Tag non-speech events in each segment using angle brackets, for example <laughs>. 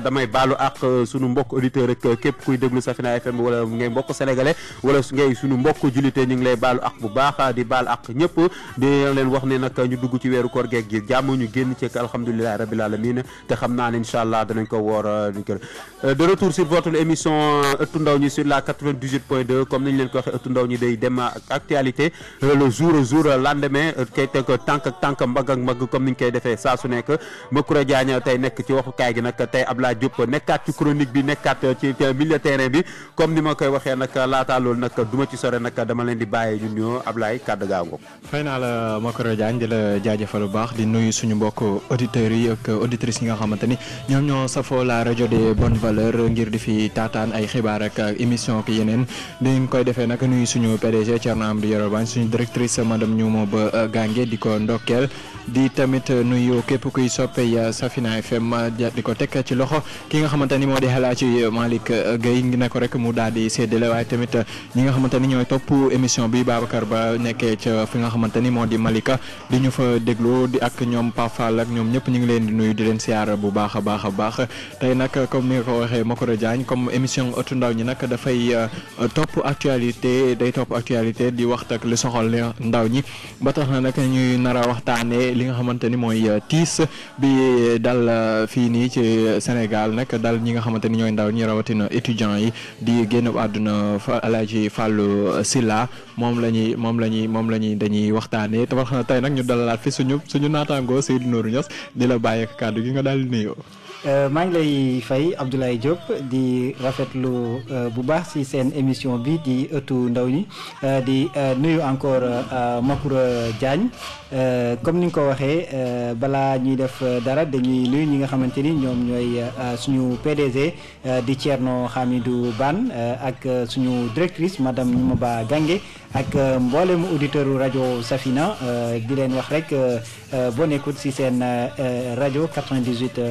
damay balu ak euh, suñu mbokk auditeur ak euh, képp kuy déglu Safina FM wala ngay mbokk sénégalais wala ngay suñu mbokk julité ñing lay balu ak bu baax euh, di bal ak ñëpp di leen wax ne nak ñu dugg ci weeru koor geeg gi jàmm ñu génn ci alhamdulilahi rabil alamin te xam naa ne incha allah danañ ko woor de retour sur votre émission ëttu ndaw ñi sur la 98.2 comme niñ leen ko waxee ëttu ndaw ñi day dem ak actualité le jour au jour lendemain kay teg tànk ak tànk mbagg ak mbagg comme niñ koy defee saa su nekk Makoura Diagne tey nekk ci waxukaay gi nag tey Ablaye Moussa nekkaat ci chronique bi nekkaat ci milieu terrain bi comme ni ma koy waxee nag laataa loolu nag du ma ci sore nag dama leen di bàyyee ñun ñoo Ablaye kàddu gaa ngoog. fay naa la Makoro Diagne di la jaajëfal bu baax di nuyu suñu mbokk auditeurs yi ak auditrices yi nga xamante ni ñoom ñoo safoo la rajo des bonnes valeurs ngir di fi tataan ay xibaar ak émission ak yeneen di nga koy defee nag nuyu suñu PDG Thierno am Yoro Bane suñu directrice madame Ñuuma ba Gange di ko ndokkeel di tamit nuyu képp ki nga xamante ni moo di xelaaci Malick uh, Gueye ngi ne ko rek mu daal di séddale waaye tamit uh, ñi nga xamante ni ñooy topp émission bi Babacar Ba nekkee ca fi nga xamante ni moo di Malika di ñu fa dégloo di ak ñoom Pafal ak ñoom ñëpp ñu ngi leen di nuyu di leen siyaar bu baax a baax a baax tey nag uh, comme ni nga ko waxee Makoro Diagne comme émission ëttu ndaw ñi nag dafay topp actualité day topp actualité di waxtaan ak li soxal ndaw ñi ba tax na nag ñuy nar a waxtaanee li nga xamante ni mooy tiis bi dal fii nii ci Sénégal. Sénégal nag daal ñi nga xamante ni ñooy ndaw ñi rawatina étudiants yi di génn àdduna Alaaji Fallou Silla moom la ñuy moom la ñuy moom la ñuy dañuy waxtaanee te wax na tey nag ñu dalalaat fi suñu suñu naataangoo Seydou Nourou Niass di la bàyyi ak kàddu gi nga daal di nuyoo Euh, maa ngi lay fay Abdoulaye Diop di rafetlu euh, bu baax ci seen émission bi di ëttu ndaw ñi euh, di nuyu encore Macoura Diagne comme ni nga ko waxee balaa ñuy def dara dañuy nuyu ñi nga xamante ni ñoom ñooy suñu PDG di Thierno Hamidou Bane ak suñu directrice madame Nioumaba Gangue ak euh, mboolem auditeur Radio Radio Safina euh, di len wax euh, bonne écoute si sen Radio 98.2.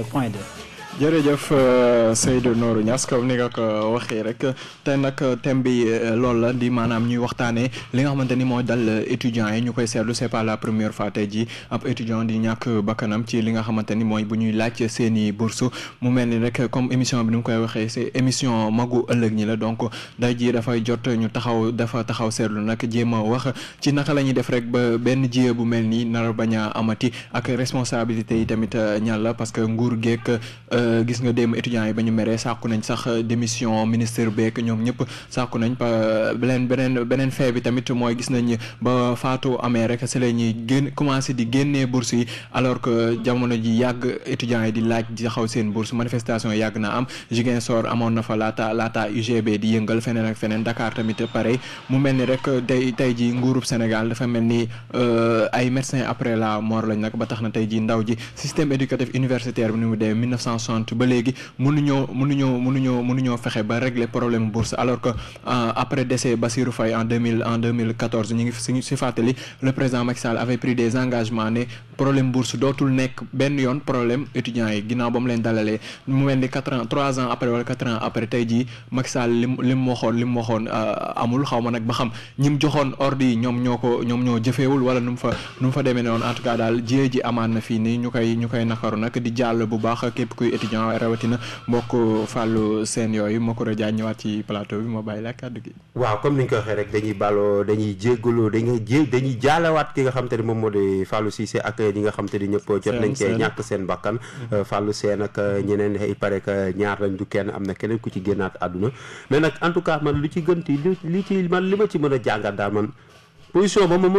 jërëjëf euh, Seydou nooru Niass comme ni nga ko waxee rek te nag thème bi euh, loolu la di maanaam ñuy waxtaanee li nga xamante ni moo dal étudiants yi ñu koy seetlu c'est pas la première fois tey jii ab étudiant di ñàkk bakkanam ci li nga xamante ni mooy bu ñuy laaj seen i bourse mu mel ni rek comme émission bi ni mu koy waxee c'est émission magu ëllëg ñi la donc day ji dafay jot ñu taxaw dafa taxaw seetlu nag jéem a wax ci naka la ñuy def rek ba benn jiyee bu mel nii nar bañ a amati ak responsabilité yi tamit euh, ñàlla parce que nguur geek. Euh, gis nga dem étudiants yi bañu méré sakku nañ sax démission ministre beek ñom ñëpp sakku nañ beneen beneen beneen fee bi tamit moy gis nañ ba faatu amee rek c'est la ñuy génn commencé di génné bourse yi alors que jamono ji yag étudiants yi di laaj di xaw seen bourse manifestation yag na am jigen sor amon na fa lata lata UGB di yëngal feneen ak feneen Dakar tamit pareil mu melni rek day tay ji nguurub Sénégal dafa melni ni euh, ay médecins après la mort lañ nak ba taxna tay ji ndaw ji système éducatif universitaire bi ni mu dee 1960 soixante ba léegi mënuñoo mënuñoo mënuñoo mënuñoo fexé ba régler problème bourse alors que euh, après décès Bassirou Faye en deux en 2014 mille quatorze le président Macky Sall avait pris des engagements né problème bourse dotul nek ben yon problème étudiant yi ginaaw bam leen dalalé mu quatre ans trois ans après wala quatre ans après tay jii Macky Sall lim lim waxoon lim waxoon euh, amul xawma nak ba xam ñim nufa ordi ñom ñoko ñom ñoo ko wala num fa num fa en tout cas dal na ñukay nakaru nak di bu baax képp étudiant rawatina mbokk fallu seen yooyu ma ko rajo ñëwaat ci plateau bi ma bàyyi la kàddu gi. waaw comme ni nga ko waxee rek dañuy baloo dañuy jégalu dañuy jé dañuy jaalewaat ki nga xam te ne moom moo di fallu si see ak ñi nga xam te nañ cee ñàkk seen am na keneen ku ci génnaat àdduna mais nag en tout cas man lu ci gën ti li ci man li ma ci mën a jàngat daal man position ba ma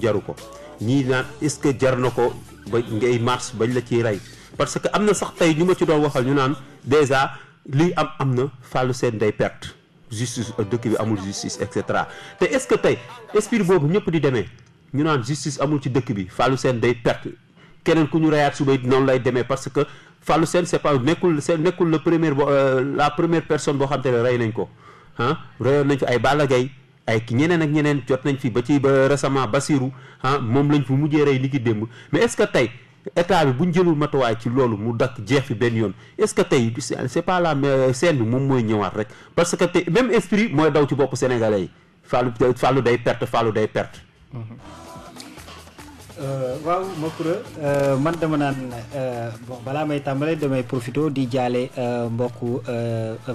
jaru ko. ñi naan est-ce que jar na ko ba ngay marche bañ la ciy rey parce que am na sax tey ñu ma ci doon waxal ñu naan déjà lii am am na Fallou seen day perte justice euh, dëkk bi amul justice et cetera te est que tey esprit boobu ñëpp di demee ñu naan justice amul ci dëkk bi Fallou seen day perte keneen ku ñu reyaat suba noonu lay demee parce que Fallou Sène c'est pas nekkul c'est nekkul le premier euh, la première personne boo xam rey nañ ko ah reyoon nañ fi ay Balla Gaye ay ki ñeneen ak ñeneen jot nañ fi ba ci ba récemment Basirou ah moom lañ fi mujjee rey ni ki démb mais est-ce que tey état bi bu ñu jëlul matuwaay ci loolu mu dakk jeex fi benn yoon est-ce que tey c'est pas la scène bi moom mooy ñëwaat rek parce que tey même esprit mooy daw ci bopp sénégalais yi fàllu fàllu day perte fàllu day perte mm-hmm. Euh, waaw Macoura euh, man dama naan euh, bon balaa may tàmbalee damay profito di jaale mbokku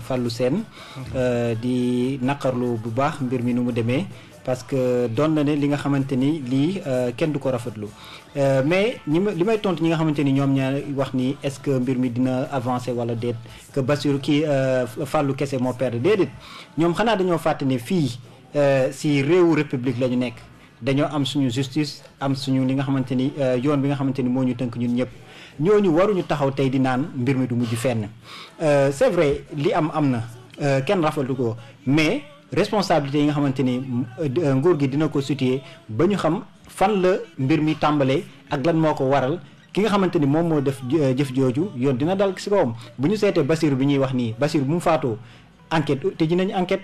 Fallou Sène di naqarlu bu baax mbir mi nu mu demee parce que doon na ne li nga xamante ni lii kenn du ko rafetlu mais ñi ma li may tontu ñi nga xamante ni ñoom ñaa wax ni est-ce que mbir mi dina avancer wala déet que Bassirou kii Fallou kese moo perdre déedéet ñoom xanaa dañoo fàtte ne fii si réewu république la ñu nekk dañoo am suñu justice am suñu li nga xamante ni euh, yoon bi nga xamante ni moo ñu tënk ñun ñëpp ñooñu waruñu taxaw tey di naan mbir mi du mujj fenn euh, c'est vrai li am am na euh, kenn rafetlu ko mais responsabilité yi nga xamante ni nguur gi dina ko situer ba ñu xam fan la mbir mi tàmbalee ak lan moo ko waral ki nga xamante ni moom moo def jëf jooju yoon dina dal si kawam bu ñu seetee Basir bi ñuy wax nii Basir bu mu faatoo enquête te ji nañu enquête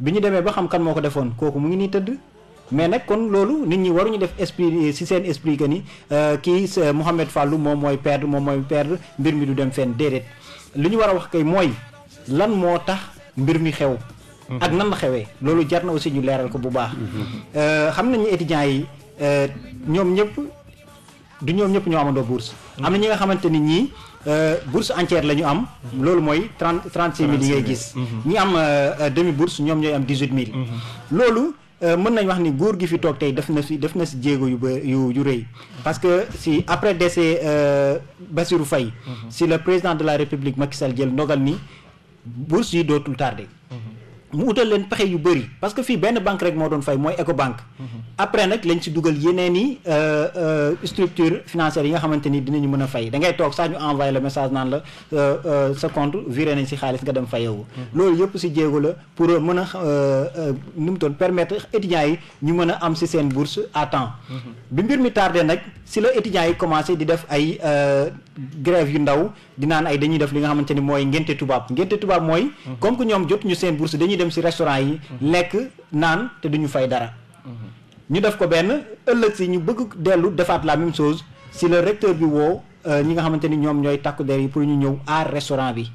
bi ñu demee ba xam kan moo ko defoon kooku mu ngi nii tëdd. mais nag kon loolu nit ñi waruñu def esprit ci seen esprit que ni euh, kii Mouhamed Fallou moom mooy perdre moom mooy perdre mbir mi du dem fenn déedéet li ñu war a wax kay mooy lan moo tax mbir mi xew. ak mhm. nan la xewee loolu jar na aussi ñu leeral ko bu baax. Mhm. Euh, xam nañu étudiants yi euh, ñoom ñëpp du ñoom ñëpp ñoo amandoo bourse. Mhm. am na ñi nga xamante ni ñii bourse entière la ñu am. loolu mooy trente trente six mille yi ngay gis. ñi am demi bourse ñoom ñooy am dix huit mille. loolu. Euh, mën nañ wax ni góor gi fi toog tey def na si def na si jéego yu ba yu yu rëy parce que si après décès euh, Bassirou Faye mhm. si la président de la République Macky Sall jël ndogal ni bourse si dootul tardé mhm. mu utal leen pexe yu bëri parce que fii benn banque rek moo doon fay mooy Ecobank. après nag lañ si dugal yeneen i euh, euh, structure financière yi nga xamante ni dinañu mën a fay da ngay toog sax ñu envoyé le message naan la euh, sa compte viré nañ si xaalis nga dem fayewu mm-hmm. loolu yëpp si jéego la pour mën a nu mu doon permettre étudiants yi ñu mën a am si seen bourse à temps. Mm-hmm. bi mbir mi tardé nag si la étudiants yi commencé di def ay grève yu ndaw. di naan ay dañuy def li nga xamante ni mooy ngénte tubaab ngénte tubaab mooy mhm. comme que ñoom jotuñu seen bourse dañuy dem si restaurant yi mhm. lekk naan te duñu fay dara mhm. ñu def ko benn ëllëg si ñu bëgg dellu defaat la même chose si le recteur bi woo euh, ñi nga xamante ni ñoom ñooy takku der yi pour ñu ñëw aar restaurant bi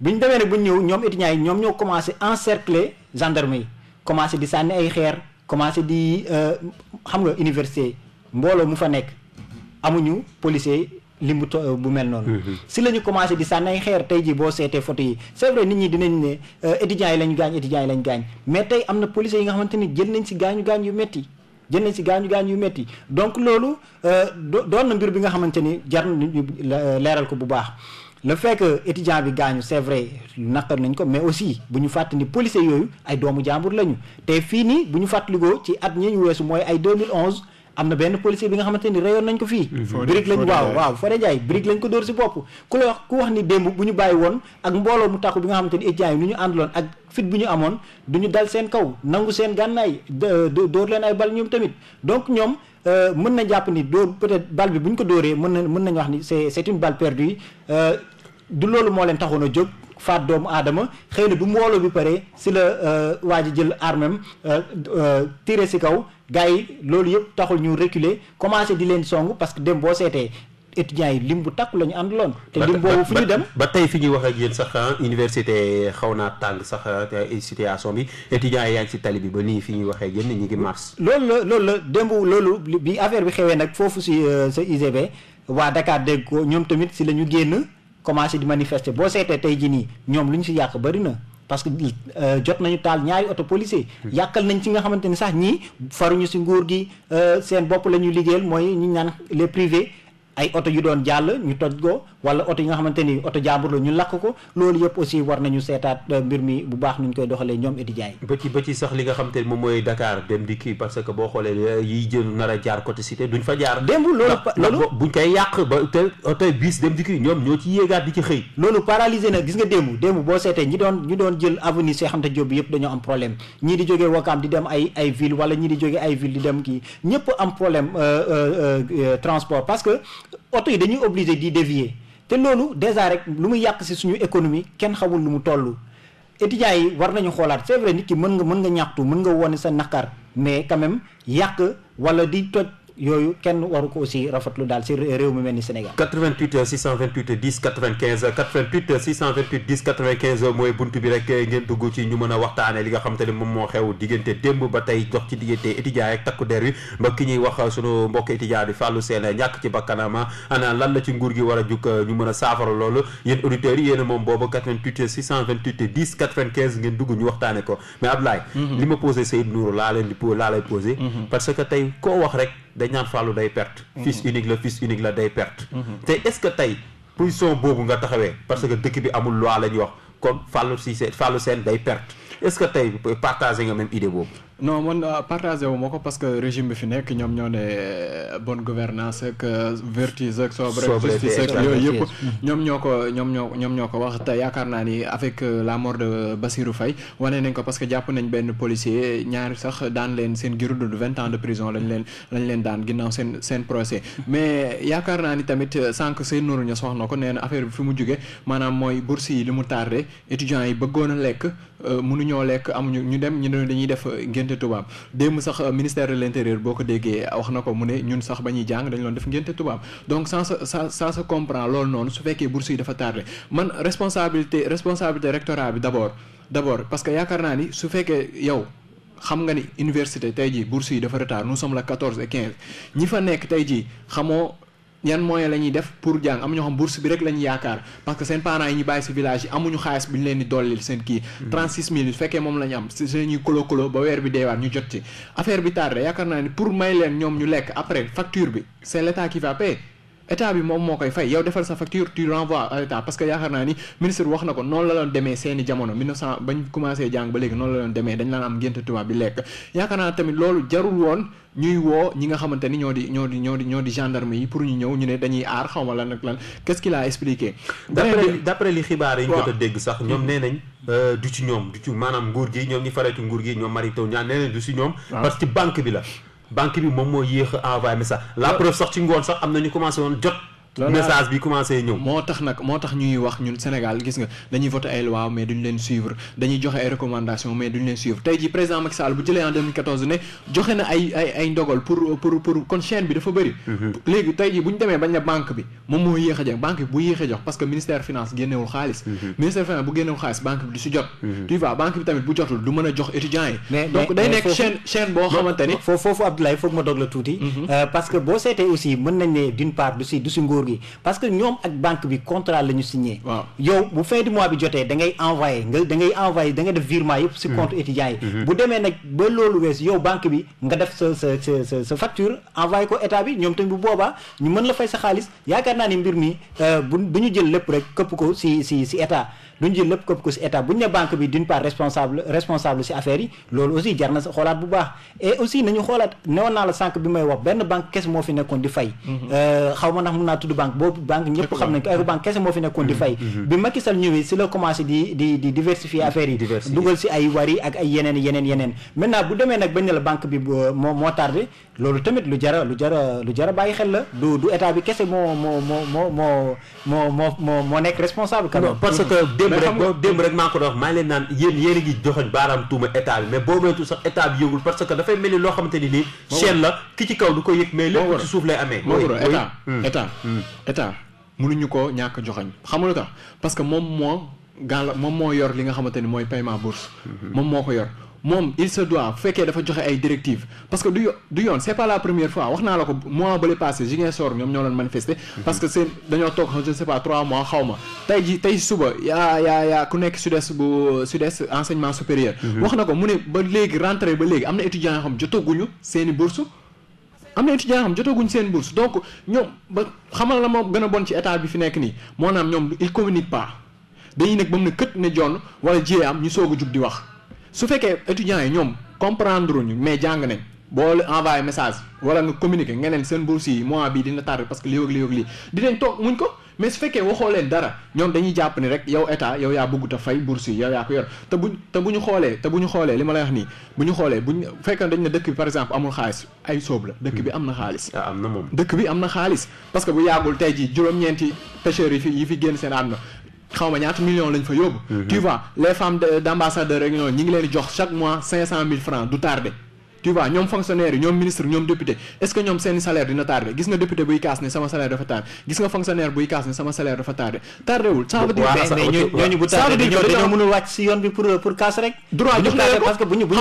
bi ñu demee nag bu ñu ñëw ñoom étudiants yi ñoom ñoo commencé encercler gendarme yi commencé di sànni ay xeer commencé di euh, xam nga université mbooloo mu fa nekk amuñu policier lim bu to bu mel noonu. Mm-hmm. si la ñu commencé di sànni xeer tey ji boo seetee photo yi c'est nit ñi dinañ ne euh, étudiants yi lañ gaañ étudiants yi lañ gaañ mais tey am na policiers yi nga ni jël nañ si gaañu gaañ yu métti. jël si gaañu gaañu yu métti donc loolu euh, doon na mbir bi nga xamante ni jar na ñu euh, leeral ko bu baax. le fekk que étudiant bi gaañu c' est vrai naqar nañ ko mais aussi bu ñu fàttali ni policiers yooyu ay doomu jàmbur lañu te fii nii bu ñu fàttalikoo ci at ñi ñu weesu mooy ay 2011. am na benn policier bi nga xamante ni rayoon nañ ko fii brique lañ waaw waaw Fodé Ndiaye brique lañ ko dóor si bopp ku la wax ku wax ni démb bu ñu bàyyi woon ak mbooloo mu takku bi nga xamante ni étudiants yi nu ñu àndaloon ak fit bu ñu amoon du ñu dal seen kaw nangu seen gànnaay dóor leen ay bal ñoom tamit donc ñoom euh, mën na jàpp ni dóor peut-être bal bi bu ñu ko dóoree mën na mën nañ wax ni c'est c'est une balle perdue euh, du loolu moo leen taxoon a jóg faat doomu aadama xëy na bu mbooloo bi paree si la euh, waa ji jël armem tiré si kaw gars yi loolu yëpp taxul ñu reculer commencé di leen song parce que dem boo seetee étudiants yi lim bu takku la ñu àndaloon. te lim boobu fu ñu dem ba tey fi ñuy wax ak yéen sax ah, université xaw naa tàng sax ah, situation bi étudiants yi yaa si tali bi ba nii fi ñuy waxee ak yéen ñu ngi mars. loolu la loolu la démb loolu bi affaire bi xewee nag foofu si euh, sa UGB waa Dakar dégg ko ñoom tamit si la ñu génn commencé di manifester boo seetee tey jii nii ñoom lu ñu si yàq bari na. parce que euh, jot nañu taal ñaari auto police yakal nañ ci nga xamanteni sax ñi faruñu ci nguur gi euh, seen bopp lañu liggéeyal mooy ñu ñaan les privés ay auto yu doon jàll ñu toj go wala oto yi nga xamante ni oto jàmbur la ñu lakk ko loolu yëpp aussi war nañu seetaat euh, mbir mi bu baax nuñ koy doxalee ñoom étudiants yi ba ci ba ci sax li nga xamante ni moom mooy Dakar dem di kii parce que boo xoolee euh, yiy jël nar a jaar côté cité duñ fa jaar démb loolu loolu buñ koy yàq ba te oto bis dem di kii ñoom ñoo ci yéegaat di ci xëy loolu paralysé na gis nga démb démb boo seetee ñi doon ñi doon jël avenue Cheikh Anta Diop bi yëpp dañoo am problème ñii di jógee Wakaam di dem ay ay wala ñii di jógee ay ville dem kii ñëpp am problème euh, transport parce que oto yi dañuy obligé di dévier te loolu déjà rek lu muy yàq si suñu économie kenn xamul lu mu toll étudiants yi war nañu xoolaat c'est nit ki mën nga mën nga ñaxtu mën nga wone sa naqar mais quand yàq wala di toj yooyu kenn waru ko aussi rafetlu daal si réew mi mel ni Sénégal. 88 628 10 95 88 628 10 95 mooy bunt bi rek ngeen dugg ci ñu mën a waxtaanee li nga xam ngeen dugg ñu waxtaanee ko mais Ablaye. Mhm. li ma posé Seydou Nourou laa leen di laa lay posé. Mhm. parce que tey koo wax rek. dañ ñaan Fallou day perte. Mm-hmm. fils unique la fils unique la day perte. Mm-hmm. te est-ce que tey position boobu nga taxawee parce que dëkk bi amul loi la ñuy wax kon Fallou Cissé Fallou Sène day perte est-ce que tey partagé nga même idée boobu. non man partagé wu ma ko parce que régime bi fi nek ñom ñoo euh, bonne gouvernance que euh, vertus ak sobre justice ak yooyu yëpp mm-hmm. ñoom ñoo ko ñoom ñoo ñoom wax te yaakaar ni avec euh, la mort de Bassirou Faye wané nañ ko parce que japp nañ ben policier ñaar sax daan len sen giru dund 20 ans de prison lañ len lañ len daan ginnaw sen sen procès mm-hmm. mais yaakaar na ni tamit sank sey nooru ñu soxna ko nee affaire bi fi mu jugee maanaam mooy bourse yi limu mu tardé étudiants yi bëggoon lek Euh, mënuñoo lekk amuñu ñu dem ñu ne dañuy def euh, ngénte tubaab démb sax euh, ministère de l' intérieur boo ko déggee wax na ko mu ne ñun sax ba ñuy jàng dañu doon def ngénte tubaab donc ça ça ça se comprend loolu noonu su fekkee bourse yi dafa tardé man responsabilité responsabilité rectorat bi d' abord d' parce que yaakaar naa ni su fekkee yow. xam nga ni université tey jii bourse yi dafa retard nous sommes la quatorze et quinze ñi fa nekk tey jii xamoo yan moyen la ñuy def pour jàng am ñoo xam bourse bi rek la yaakaar parce que seen parents yi ñu bàyyi si village yi amuñu xaalis bu ñu leen di dollil seen kii. 36000 mm. fekkee moom la am si ñuy kolo kolo ba weer bi deewaat ñu jot ci affaire bi tardé yaakaar naa ne pour may leen ñoom ñu lekk après facture bi c'est l'état qui va état bi moom moo koy fay yow defal sa facture tu renvoies à l'état parce que yaakaar naa ni ministre wax na ko noonu la doon demee seeni jamono 1900 bañ commencé jàng ba léegi noonu la doon demee dañ laan am ngénte tubaab bi lekk yaakaar naa tamit loolu jarul woon ñuy woo ñi nga xamante ni ñoo di ñoo di ñoo di ñoo di gendarme yi pour ñu ñëw ñu ne dañuy aar xaw ma lan ak lan qu'est-ce qu'il a expliqué. d'après li xibaar yi ñu a dégg sax ñoom mm-hmm. nee nañ. Euh, du ci ñoom du ci maanaam nguur gi ñoom ñi faree ci gi ñoom Mary Teuw Niane nee nañ si ñoom. parce que bi la. banque bi moom moo yéex a envoyé message la preuve sax ci ngoon sax am na ñu commencé woon jot message bi commencé ñëw. moo tax nag moo tax ñuy wax ñun Sénégal gis nga dañuy voté ay loi mais duñ leen suivre dañuy joxe ay recommandations mais duñ leen suivre tey jii président Macky Sall bu jëlee en 2014 ne joxe na ay ay ay ndogal pour pour pour kon chaîne bi dafa bëri. Mm-hmm. léegi tey jii bu ñu demee bañ na banque bi moom moo yéex a jox banque bi bu yéex a jox parce que ministère finance génnewul xaalis. Mm-hmm. ministère finance bu génnewul xaalis banque bi du si jot. Mm-hmm. tu vois banque bi tamit bu jotul du mën a jox étudiants yi. donc day nekk chaîne chaîne boo xamante ni. foofu foofu Abdoulaye foog ma dog la tuuti. Euh, parce que boo seetee aussi mën nañ ne d'une part du si du si nguur parce que ñom ak banque bi contrat le signé. yow bu du mois bi envoyé envoyé da ngay def virement hmm. compte étudiant hmm. bu démé vous ba banque bi nga facture envoyé ko état bi ñom tan bu boba ñu mën fay sa xaliss euh, si duñ jël lépp këpp ko si état buñ ne banque bi d'une part responsable responsable si affaire yi loolu aussi jar na xoolaat bu baax et aussi nañu xoolaat newoon naa la sànq bi may wax benn banque kese moo fi nekkoon di fay mhm. euh, xaw ma ndax mhm. Mhm. ñëwee si la commencé di di diversifier affaire yi dugal si ay wari ak ay yeneen yeneen yeneen maintenant bu demee nag bañ ne la banque bi euh, moo moo loolu tamit lu jara lu jara lu jara bàyyi xel la du état bi responsable parce que démb rek démb rek maa ko doon wax maa leen naan yéen yéen a ngi joxoñ état bi mais boo sax état bi parce que dafay mel ni loo xamante ni ki ci kaw du ko yëg mais ci suuf lay état hmm. état hmm. état mënuñu ko ñàkk xamul tax parce que moom gan la moom moo yor li nga xamante ni mooy paiement bourse moom moo ko yor moom il se doit fekkee dafa joxe ay directives parce que du du yoon c'est pas la première fois wax naa la ko mois bële passé Ziguinchor ñoom ñoo doon manifester parce que seen dañoo toog je ne sais pas trois mois xaw ma tey ji tey suba yaa yaa yaa ku nekk sud-est bu sud-est enseignement supérieur mhm. wax na ko mu ne ba léegi rentrée ba léegi am na étudiants yoo xam jotaguñu seen i bourse am na étudiants yoo xam jotaguñ seen bourse donc ñoom ba xamal la moo gën a bon ci état bi fi nekk nii moo naam ñoom il communique pas dañu nekk ba mu ne kët ne jonn wala jiyee am ñu soog a di wax su fekkee étudiants yi ñoom comprendre ñu mais jàng nañ boo envoyé message wala nga communiquer nga neen seen bourse yi mois bi dina tardé parce que lii ak lii ak lii dinañ toog muñ ko mais su fekkee waxoo leen dara ñoom dañuy jàpp ni rek yow état yow yaa bëggut a fay bourse yi yow yaa ko yor te bu te bu ñu xoolee te bu ñu xoolee li ma la wax nii bu ñu xoolee bu ñu dañ ne dëkk bi par exemple amul xaalis ay soob la dëkk am na xaalis ah, am na moom dëkk bi am na xaalis parce que bu yàggul tey ji juróom-ñeenti pêcheurs fi yi fi génn seen àdduna xaw ma ñaata million lañ fa yóbbu. Mhm. tu vois les femmes d'ambassadeurs ñoo ñu ngi leen jox chaque mois 500 000 francs tout tardé. tu vois ñoom fonctionnaire yi ñoom ministre ñoom député est ce que ñoom seeni salaire dina tardé gis nga député buy kaas ne sama salaire dafa tardé gis nga fonctionnaire buy kaas ne sama salaire dafa tardé tardéwul ça veut dire ñooñu bu tardé dañoo mënul wàcc si yoon bi parce que bu ñu bu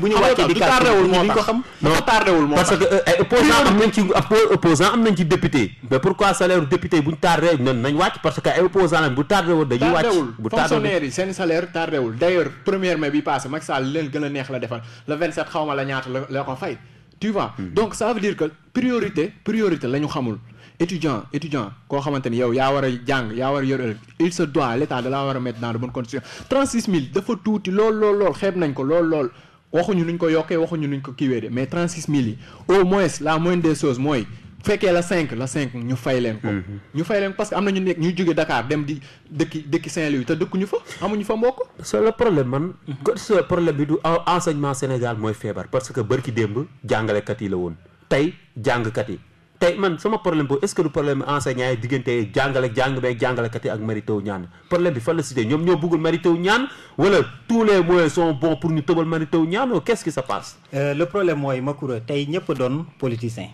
bu ñu wàccee di parce que eh, ay opposant am bu ñu tardé wàcc parce que ay opposant lañ bu tardé dañuy wàcc bu tardé fonctionnaire yi seen salaire le 27 la ñaata la ko tu vois hmm. donc ça veut dire que priorité priorité la xamul étudiant étudiant koo xamante ni yow yaa war a il se doit l'état de la dans de bonnes conditions dafa lool lool nañ ko lool lool nuñ ko mais au moins la des choses bu la cinq la mhm. parce que le ñu nek ñu Dakar dem Saint-Louis c'est le problème man. Mhm. ce problème parce que problème jangalé que yi la tay yi man problème est-ce que le problème enseignant que le problème yi ak problème bi ñoo bëggul wala tous les moyens sont bons pour ñu que le problème ou qu'est-ce qui se passe. Euh, le problème moy Makoura politicien.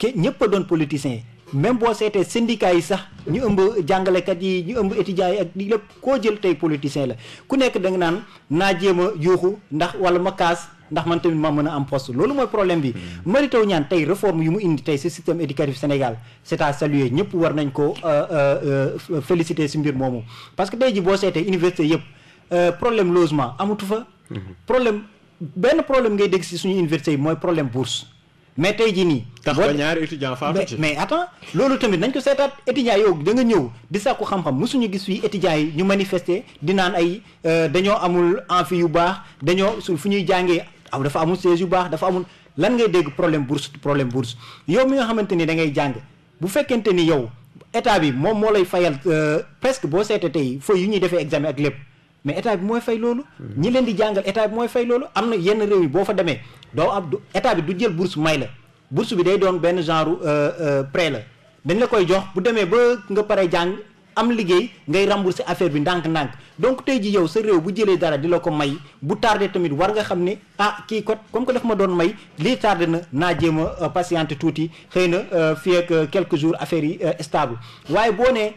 ke ñepp doon politicien même bo sété syndicat yi sax ñu ëmb jàngale kat yi ñu ëmb étudiant yi ak di lepp lah. hmm. ko jël tay politicien la ku nekk da nga naan naa jéema yuuxu ndax wala ma kaas ndax man tamit ma mën am poste loolu mooy problème bi mari taw ñaan tey réforme yu mu indi tey si système éducatif sénégal c' est à saluer ñëpp war nañ ko euh, euh, félicité si mbir moomu parce que tey ji boo seetee université yëpp euh, problème logement amatu fa problème benn problème ngay dégg si suñu université yi problème bourse mais tey jii nii. tax ba ñaari étudiants faatu ci mais attends loolu tamit nañ ko seetaat étudiants yow da nga ñëw di sàkku xam-xam mosuñu gis fii étudiants yi ñu manifester di naan ay euh, dañoo amul amphi yu baax dañoo su fu ñuy jàngee aw dafa amul siège yu baax dafa amul lan ngay dégg problème bourse problème bourse yow mi nga xamante ni da ngay jàng bu fekkente ni yow état bi moom moo lay fayal euh, presque boo seetee tey feuille yu ñuy defee examen ak lépp. mais état bi moy fay lolu ñi leen di jangal état bi moy fay lolu amna yenn réew yi bo fa démé do am état bi du jël bourse may la bourse bi day doon ben genre euh euh prêt la dañ la koy jox bu démé ba nga paré jang am liggéey ngay rembourser affaire bi ndank ndank donc tay ji yow sa réew bu jëlé dara di la ko may bu tardé tamit war nga xamné ah ki ko comme ko daf ma doon may li tardé na euh, na jema patiente touti xeyna fi ak euh, quelques jours affaire yi euh, stable waye bo né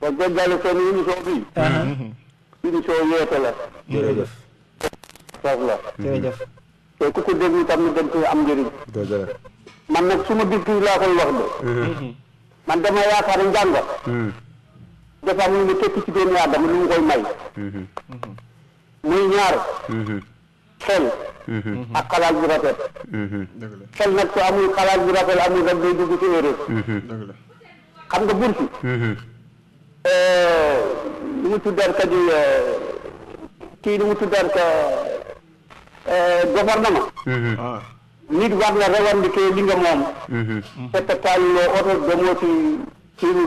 ba jéggaale seen émission bi. Uh-huh. émission yeete la. jërëjëf. foofu la. te ku ko déglu tam dañ koy am njëriñ. man nag suma biir kii laa koy wax de. Uh-huh. man dama yaakaar njàng. Uh-huh. dafa am lu mu tekki ci doomu aadama mu koy may. muy ñaar. xel. ak xalaat bu rafet. xel nag soo amul xalaat bu rafet amul rek day dugg ci erreur. xam nga bursi. lu eh, mu tuddaan eh, eh, mhm. ah. mhm. mhm. di kii lu mu tuddaan ko gouvernement nit warna rewande ke linga moom fekka taalilo oto domooti kiiru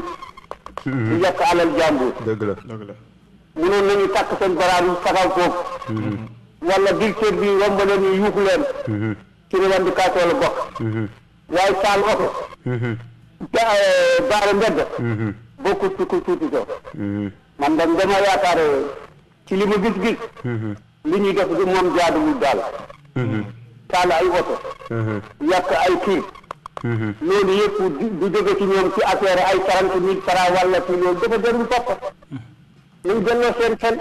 ñu yàq alal jàmbur munoon nañu takk seen baraaru taxaw foofu wala directeur bi romb leen ñu ci rewande kaas bokk waaye taal oto baare mbedd bokkut ci ku tuuti ko man dañ dama yaakaare ci li ma gis-gis mhm. li ñuy def moom jaaduwul daal mhm. taal ay oto mhm. yàq ay kii loolu yëpp du jóge ci ñoom ci affaire ay quarante mille francs wala ci loolu dafa jarul topp ñu delloo seen xel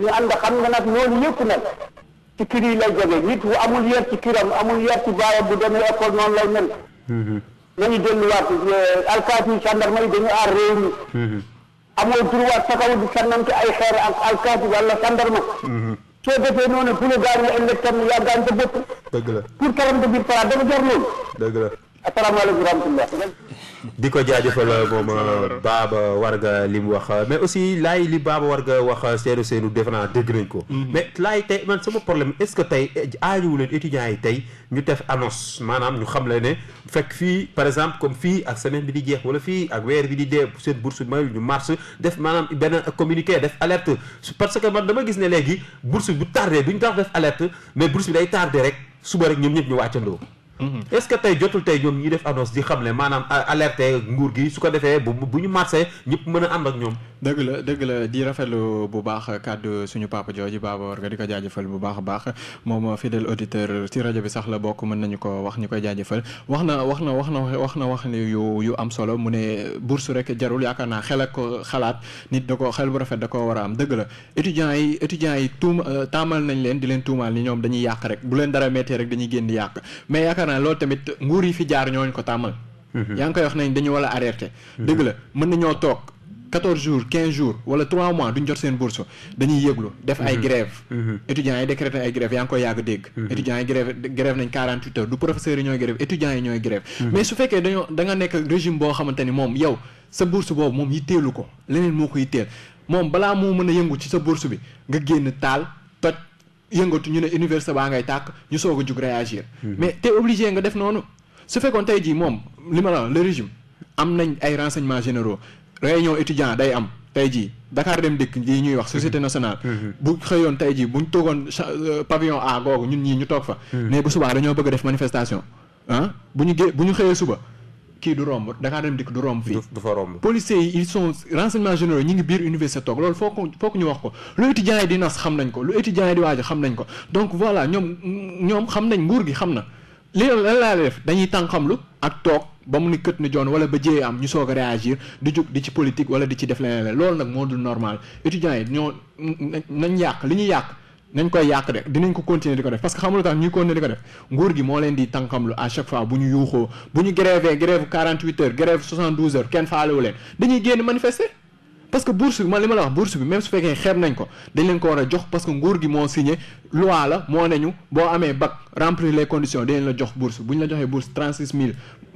ñu ànd xam nga nag loolu nag ci kër lay jóge nit bu amul yar ci këram amul yar ci baayam bu demee école noonu lay mel nañu delluwaat euh, alkaati yi gendarmerie dañu aar réew mi mm-hmm. amoo droit sa kaw di sànnante ay xeer ak alkaati walla gendarme mm-hmm. soo defee noonu pour le gaañ la ëllëg tam yaa gaañ sa bopp dëgg de biir palaat dafa jar loolu dëgg la rahmatullah di ko jaajëfal euh, moom euh, Baba Warga li mu wax mais aussi laay li Baba Warga wax euh, seenu seenu defe naa dégg nañ ko. Mhm. mais laay tey man sama problème est-ce que tey eh, aajuwu leen étudiants yi tey ñu def annonce maanaam ñu xam la ne fekk fii par exemple comme fii ak semaine bi di jeex wala fii ak weer bi di dee seen bourse bi mayul ñu marche def maanaam benn communiqué def alerte parce que man dama gis ne léegi bourse bu tardé duñ tax def alerte mais bourse bi day tardé rek suba rek ñoom ñëpp ñu wàccandoo. est-ce que tey jotul tey ñoom ñi def annonce di xam ne maanaam alerter nguur gi su ko defee bu bu ñu marché ñëpp mën a ànd ak ñoom dëgg la dëgg la di rafetlu bu baax kàddu suñu papa jooju war nga di ko jaajëfal bu baax a baax moom fidèle auditeur ci rajo bi sax la bokk mën nañu ko wax ñu koy jaajëfal wax na wax na wax na wax na wax ne yu yu am solo mu ne bourse rek jarul yaakaar naa xel ak ko xalaat nit da ko xel bu rafet da ko war a am dëgg la étudiants yi étudiants yi tuum taamal nañ leen di leen tuumaal ni ñoom dañuy yàq rek bu leen dara mettee rek dañuy génn yàq yaakaar loolu tamit nguur yi fi jaar ñooñu ko tàmmal. Mhm. yaa ngi koy wax nañ dañu war a arrêté. Mhm. dëgg la mën nañoo toog quatorze jours quinze jours wala trois mois duñ jot seen bourse dañuy yëglu def ay mhm. grève étudiants yi décrété ay grève yaa ngi koy yàgg dégg étudiants yi grève grève nañ quarante huit heures du professeurs yi ñooy grève mais su fekkee dañoo danga nga nekk régime boo xamante moom yow sa bourse boobu moom teelu ko leneen moo ko yitteel moom balaa moo mën a yëngu ci sa bourse bi nga génn taal yëngatu ñu ne université baa ngay tàkk ñu soog a réagir. Hmm. mais te obligé nga def noonu. su fekkoon tey jii le régime am nañ ay renseignements généraux réunion étudiant day am Dakar dem dikk ñuy wax société hmm. nationale. Hmm. bu euh, pavillon A ñun des ñu fa. manifestation suba. kii du romb Dakar Dem Dikk du romb fii du fa romb yi ils sont renseignements généraux ñi ngi biir université toog loolu foo ko foo ko ñu wax ko lu étudiants yi di nas xam nañ ko lu étudiants yi di waaj xam nañ ko donc voilà ñoom xam nañ nguur gi xam na li la laa def dañuy lu ak toog ba mu ni kët ni joon wala ba jiyee am ñu soog a réagir di jug di ci politique wala di ci def leneen loolu nag moo dul normal étudiants yi ñoo nañ yàq li ñu yàq nañ koy yàq de dinañ ko continuer di ko def parce que xamul ñuy continuer di ko def nguur gi moo leen di tànqamlu à chaque fois bu ñu yuuxoo bu ñu grève grève 48 heures grève 72 heures kenn faalewu leen dañuy génn manifester parce que bi man li ma la wax bourse bi même su fekkee xeeb nañ ko dañ leen ko war a jox parce que nguur gi moo signé loi la moo ne ñu boo amee bac remplir les conditions dañ la jox bourse bu ñu la joxee bourse 36 000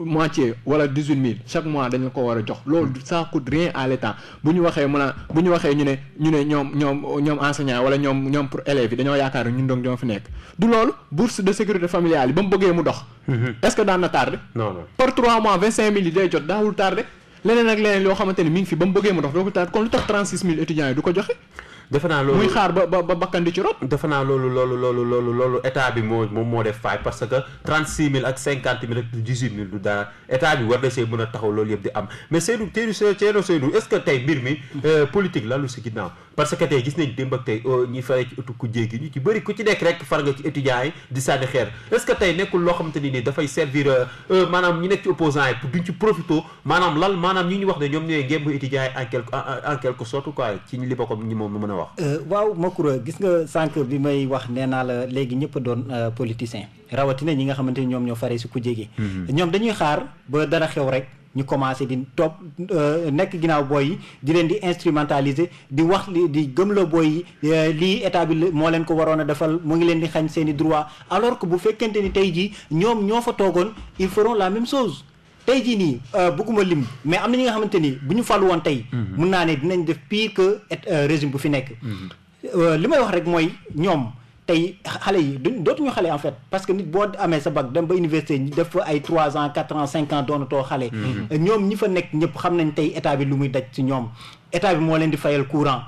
moitié wala dix huit mille chaque mois dañ ko war a jox loolu ça coûte rien à l'état bu ñu waxee mun a bu ñu waxee ñu ne ñu ne ñoom ñoom ñoom enseignant ñoom ñoom pour élèves yi dañoo yaakaar ñun donc ñoo fi nekk du loolu bourse de sécurité familiale yi ba mu bëggee mu dox mm-hmm. est-ce que daan na trois mois vingt cinq mille yi day jot daawul tardé leneen ak leneen loo xamante ni fi ba mu bëggee mu dox doo ko tardé kon lu tax trente defe naa loolu muy xaar ba ba ba bakkan di ci rot. defe naa loolu loolu loolu loolu bi moo moom moo def faay parce que trente six mille ak cinquante mille ak dix huit mille du dara état bi war na see mën a taxaw loolu yëpp di am mais Seydou Seydou Seydou Seydou est ce mbir mi. Euh, politique la lu si ginnaaw. parce que tey gis nañ démb ak tey euh, ñi fare ci ëttu ku jéegi ñu ci bëri ku ci nekk rek far nga ci étudiants yi di sànni xeer est ce tey nekkul loo xamante ni nii dafay servir euh, maanaam ñi nekk maanaam ñu wax ne ñoom ñooy ngémb wax. Euh, waaw Makoura gis nga sànq bi may wax nee naa la léegi ñëpp doon euh, politicien rawatina ñi nga xamante ni ñoom ñoo fare si kujje gi. Mm-hmm. ñoom dañuy xaar ba dara xew rek. ñu commencé di topp euh, nekk ginnaaw booy yi di leen di instrumentaliser di wax li di gëmloo booy yi lii état bi moo leen ko waroon a defal mu ngi leen di xañ seen i droit alors que bu fekkente ni tey jii ñoom ñoo fa toogoon ils feront la même chose tey ni euh, lim mais am na ñi nga xamanteni bu ñu tey. Mhm. plus que euh, régime bu fi nekk. Mhm. Euh, wax rek yi en fait parce que nit sommes amé sa bac dem ba université ñi def 3 ans 4 ans 5 ans xalé mhm. ñom ñi fa nekk ñep xam nañ état bi lu muy daj ci état bi courant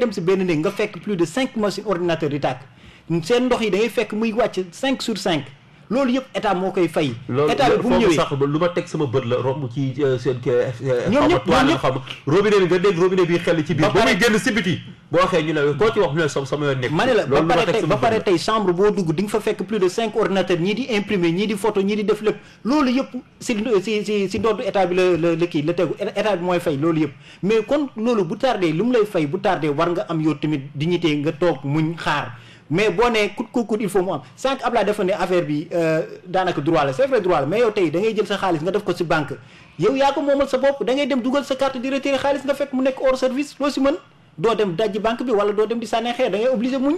dem si benn nga fekk plus de 5 machines ordinateurs di sen ndox yi da 5 sur 5. loolu yëpp état moo koy fay. état bi bu ñëwee sax ba lu ma teg sama bët la romb ci euh, seen. Euh, ñoom ñëpp ñoom ñëpp xam robinet bi nga dégg robinet bi xel ci biir. ba muy génn si boo waxee ñu ne koo ci wax ñu ne sama yoon la ba pare ba pare tey chambre boo dugg di nga fa fekk plus de ñii di imprimer di photo ñii di def lépp loolu yëpp si si si si ndoddu état bi la la la kii état mooy fay loolu yëpp mais kon loolu bu tardé lu mu lay fay bu tardé war nga am yoo tamit dignité nga toog muñ xaar mais boo nee kut ko kut il faut mu am sànq Ablaye dafa ne affaire bi euh, daanaka droit la c'est droit la mais yow tey da ngay jël sa xaalis nga def ko ci banque yow yaa ko moomal sa bopp da ngay dem dugal sa carte di retirer xaalis nga fekk mu nekk hors service loo ci mën doo dem dajji banque bi wala doo dem di sànnee xeer da ngay muñ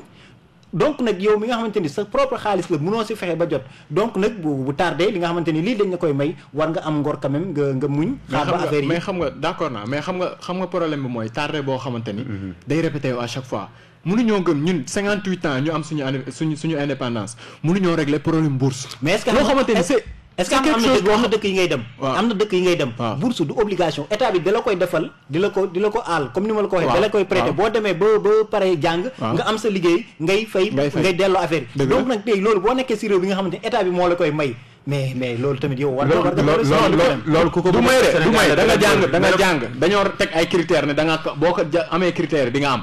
donc nag yow mi nga xamante ni sa propre xaalis la mënoo si fexe ba jot donc nag boobu bu tardé li nga xamante ni lii dañ la koy may war nga am ngor quand même nga nga muñ. xaar ba nga d'accord naa mais xam nga xam nga problème bi mooy boo xamante ni. Mhm. day répété à chaque fois. mënuñoo gëm ñun 58 ans ñu am suñu suñu suñu indépendance mënuñoo régler problème bourse. mais est-ce que loo xamante ni c'est est dëkk yi ngay dem. am na dëkk yi ngay dem. bourse du obligation état bi da koy defal di la ko di la ko aal comme ni ma la ko waxee. koy prêter boo demee ba ba pare jàng. nga am sa liggéey ngay fay. ngay delloo affaire yi. donc nag tey loolu boo nekkee si réew bi nga xamante ne état bi moo la koy may. mais mais loolu tamit yow. war war loolu ku ko. du may de du may da nga jàng da nga jàng da nga boo ko amee critères di nga am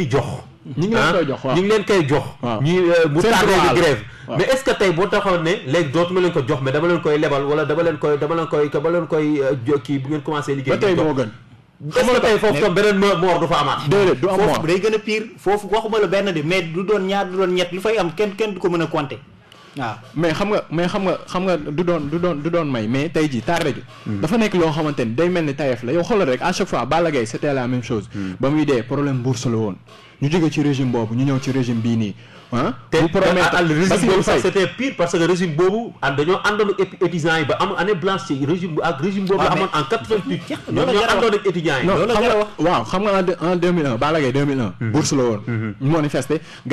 di jox. ñu ngi leen ah? koy jox ñu ngi leen koy jox. Euh, mais est tey boo taxoon ne léegi dootuma leen ko jox mais dama leen koy lebal wala dama leen koy dama leen koy euh, kii bu ngeen commencé liggéey. ba tey moo gën. xamal tey foofu tam beneen moor du fa amaat. du am moor day gën a pire foofu waxuma la benn de mais du doon ñaar du doon ñett lu fay am kenn kenn du ko mën a compter waaw ah. mais xam nga mais xam nga xam nga du doon doon may mais tey jii tardé gi hmm. dafa nekk loo xamante day mel ni tayef la yow xoolal rek à chaque fois Balla Gaye c'était la même chose hmm. ba muy dee problème bourse la woon ñu jóge ci régime boobu ñu ñëw nii ah bu promettre al régime boobu sax c'était pire parce que a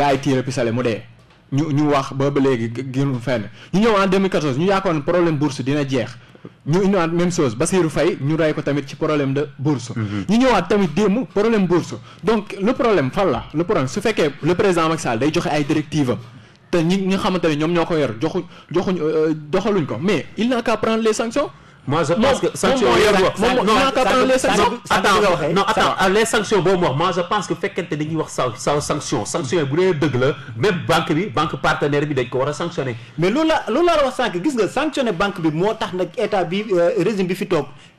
ah, hmm. pisale mu dee Nous avons bourse Nous avons même chose problème de bourse mhm. problème bourse donc le problème c'est que le problème le président maxal a day directives mais il n'a qu'à prendre les sanctions moi je pense que sanction non attends non attends les sanctions moi je pense que fekkente dañuy wax sa sa sanction sanction yi bu dee la même banque bi banque partenaire bi dañ ko war sanctionné mais loolu la loolu wax sànq gis nga banque bi moo tax état bi euh, régime bi fi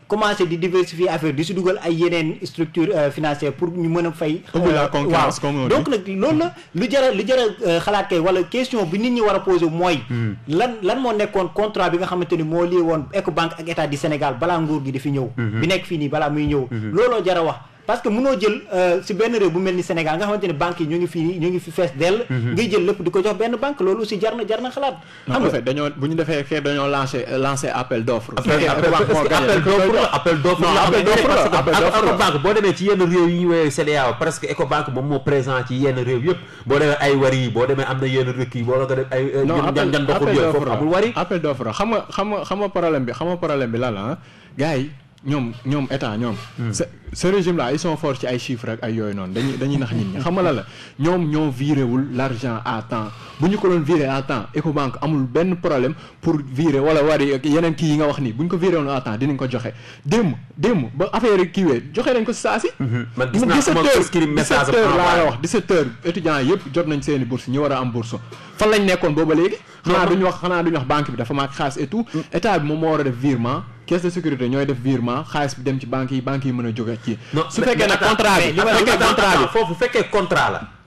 commencé di diversifier affaire di si dugal ay yeneen structure euh, financière pour ñu mën a fay euh, waaw donc nag loolu la lu jara lu jara euh, xalaat kay wala question bi nit ñi war a posé mooy hmm. lan lan moo nekkoon contrat bi nga xamante ni moo lii woon Ecobank ak état du Sénégal balaa nguur gi di fi ñëw hmm. bi nekk fii nii balaa muy ñëw hmm. looloo jara wax parce que mënoo jël euh, si benn réew bu mel ni sénégal nga xamante ne banques yi ñu ngi fi ñu ngi fi fees del, mhm. ngay jël lépp di ko jox benn banque loolu aussi jar na jar na xalaat xam nga dañoo bu ñu defee fee dañoo lancé euh, lancé appel d' appel d' appel d' appel d' offre la boo demee ci yenn réew yi ñu woyee CEDEA presque éco banque moom moo présent ci yenn réew yëpp boo demee ay war yi boo demee am yenn rëkk yi boo nga def ay euh, ñan ñan appel d' offre xam nga xam nga xam nga problème bi xam nga problème bi lan la ah? gars ñoom ñoom état ñoom. Hmm. ce régime là ils sont forts ay chiffres ak ay yooyu noonu dañu dañuy nax nit ñi xam nga la la ñoom ñoo viré wul l' argent à temps bu ñu ko doon viré à temps Ecobank amul benn problème pour virer wala wari yeneen kii yi nga wax nii bu ñu ko viré woon à temps ko joxe démb démb ba affaire kiiwee joxe nañ ko si saa si. Hmm. man gis naa sama message laa wax 17 heures étudiants yëpp jot nañ seen i bourse ñu war a am bourse fan lañ nekkoon booba léegi. xanaa xanaa duñu wax bi dafa maag xaalis et tout hmm. état bi caisse de sécurité ñooy def virement xaalis bi dem ci banques yi banques yi mën a jóge ci. su fekkee nag contrat bi su fekkee contrat bi foofu fekkee contrat la.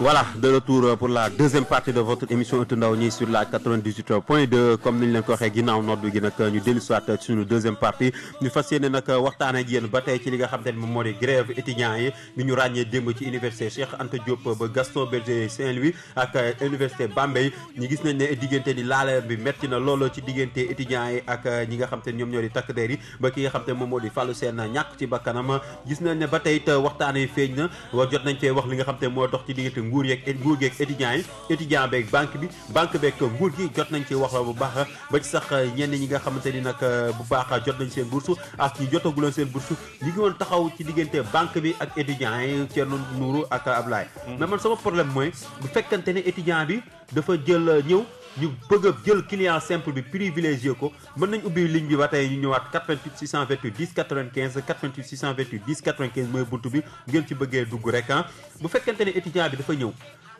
Voilà, de retour pour la deuxième partie de votre émission Ëttu Ndaw sur la 98.2 comme ni ñu leen ko waxee ginnaaw noddu gi nag ñu dellu si waat suñu deuxième partie ñu fas yéene nag waxtaan ak yéen ba tey ci li nga xam te ne grève étudiants yi bi ñu ràññee démb ci université Cheikh Anta Diop ba Gaston Berger Saint-Louis ak université Bambey ñu gis nañ ne diggante ni laaleer bi metti na looloo ci diggante étudiants yi ak ñi nga xam te ne ñoom ñoo di takk der yi ba ki nga xam te ne moom moo di Fallou Sène ci bakkanam gis nañ ne ba tey it waxtaan waaw jot nañ cee wax li nga xam te moo dox ci diggante nguur yeeg nguur geeg étudiants yi étudiant beeg banque bi banque beeg nguur gi jot nañ cee wax bu baax ba ci sax ñenn ñi nga xamante ni nag bu baax jot nañ seen bourse ak ñi jotaguloon seen bourse ñi ngi woon taxaw ci diggante banque bi ak étudiants yi Thierno Nourou ak Ablaye mm. mais man sama problème mooy bu fekkante ne étudiant bi dafa jël ñëw ñu bëgg a jël client simple bi privilégié ko mën nañ ubbi ligne bi ba tey ñu ñëwaat 88 628 10 mooy buntu bi ngeen ci bëggee dugg rek ah bu fekkente ne étudiant bi dafa ñëw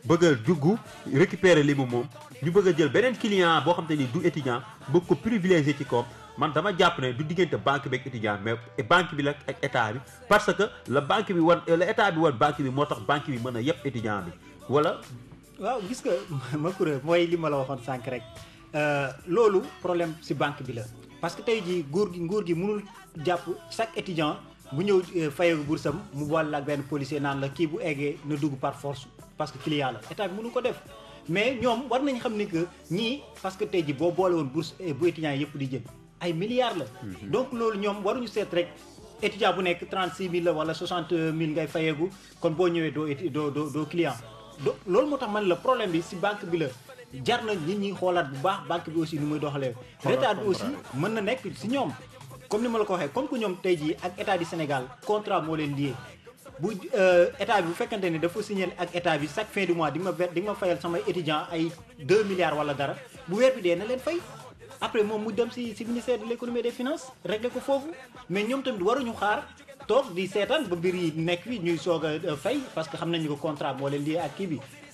bëgg a dugg récupérer li mu moom ñu bëgg a jël beneen client boo xam te du étudiant bëgg ko privilégié ci koom man dama jàpp ne du diggante banque bi ak étudiant mais banque bi la ak état bi parce que la banque bi war la état bi war banque bi moo tax banque bi mën a yëpp étudiant bi wala waaw gis nga <laughs> ma kure mooy li ma la waxoon sànq rek euh, loolu problème si banque bi la parce que tey jii nguur gi nguur gi mënul jàpp chaque étudiant bu ñëw euh, fayeeku bursam mu boll ak benn policier naan la kii bu eggee na dugg par force parce que client la état bi mënu ko def mais ñoom war nañ xam ne que ñii parce que tey ji boo boole woon bourse euh, bu étudiant yëpp di jël ay milliards la mhm. donc loolu ñoom waruñu seet rek étudiant bu nekk 36 000 la wala 60 000 ngay fayeeku kon boo ñëwee doo doo doo client loolu moo tax man la problème bi si banque bi la jar na nit ñi xoolaat bu baax banque bi aussi nu muy doxalee. retard bi aussi mën na nekk si ñoom. comme ni ma la ko waxee comme que ñoom tey jii ak état du Sénégal contrat moo leen lié bu euh, état bi bu fekkante ni dafa signé ak état bi chaque fin du mois di ma ma di nga ma fayal sama étudiants ay 2 milliards wala dara bu weer bi dee na leen fay. après moom mu dem si si ministère de l' de et des finances réglé ko foofu mais ñoom tamit waruñu xaar toog di seetaan ba mbir yi nekk fi ñuy soog a euh, fay parce que xam nañu ko contrat moo leen lii ak kii bi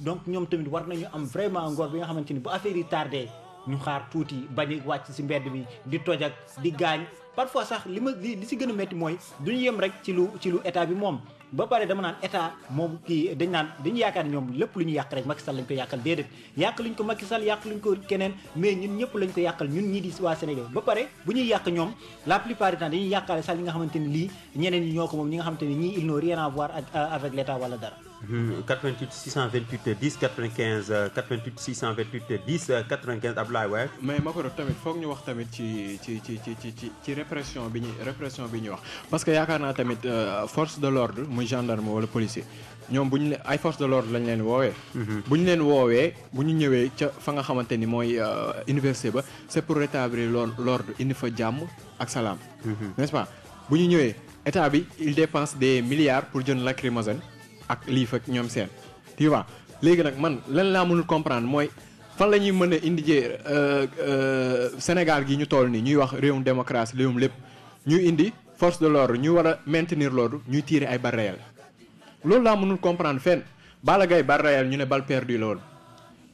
donc ñom tamit war nañu am vraiment ngor bi nga xamanteni bu affaire yi tardé ñu xaar tuuti bañ wacc ci mbedd bi di tojak di gaañ parfois sax lima li ci gëna metti moy duñu yem rek ci lu ci lu état bi mom ba paré dama naan état mom ki dañ naan dañu yaakaar ñom lepp luñu yaq rek Macky Sall lañ ko yaqal dedet yaq luñ ko Macky Sall yaq luñ ko keneen mais ñun ñepp lañ ko yaqal ñun ñi di wa Sénégal ba paré bu ñuy ñom la plupart du temps dañuy yaqalé sax li nga xamanteni li ñeneen ñi ñoko mom ñi nga xamanteni ñi il n'ont rien à voir avec l'état wala dara 88 628 10 95 88 628 10 95 mais tamit que ñu wax tamit répression parce que euh, force de l'ordre Les gendarme policier force de l'ordre lañ leen mhm. euh, c'est pour rétablir l'ordre Il ne mhm. n'est-ce pas dépense des milliards pour la ak liif ak ñoom seen tu léegi nag man lan laa mënul comprendre mooy fan la ñuy mën a indi jee euh, euh, Sénégal gi ñu tool nii ñuy wax réewum démocratie réewum lépp ñuy indi force de l'ordre ñu war a maintenir l'ordre ñuy tiire ay balles réelles loolu laa mënul comprendre fenn Balla bar balle ñu ne balle perdue loolu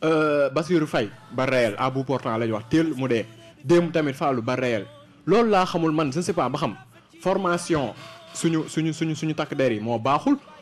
euh, Bassirou Faye fay réelle à bout portant la ñu wax teel mu dee démb tamit Fallou bar réelle loolu laa xamul man je ne ba xam formation suñu suñu suñu suñu takk yi moo baaxul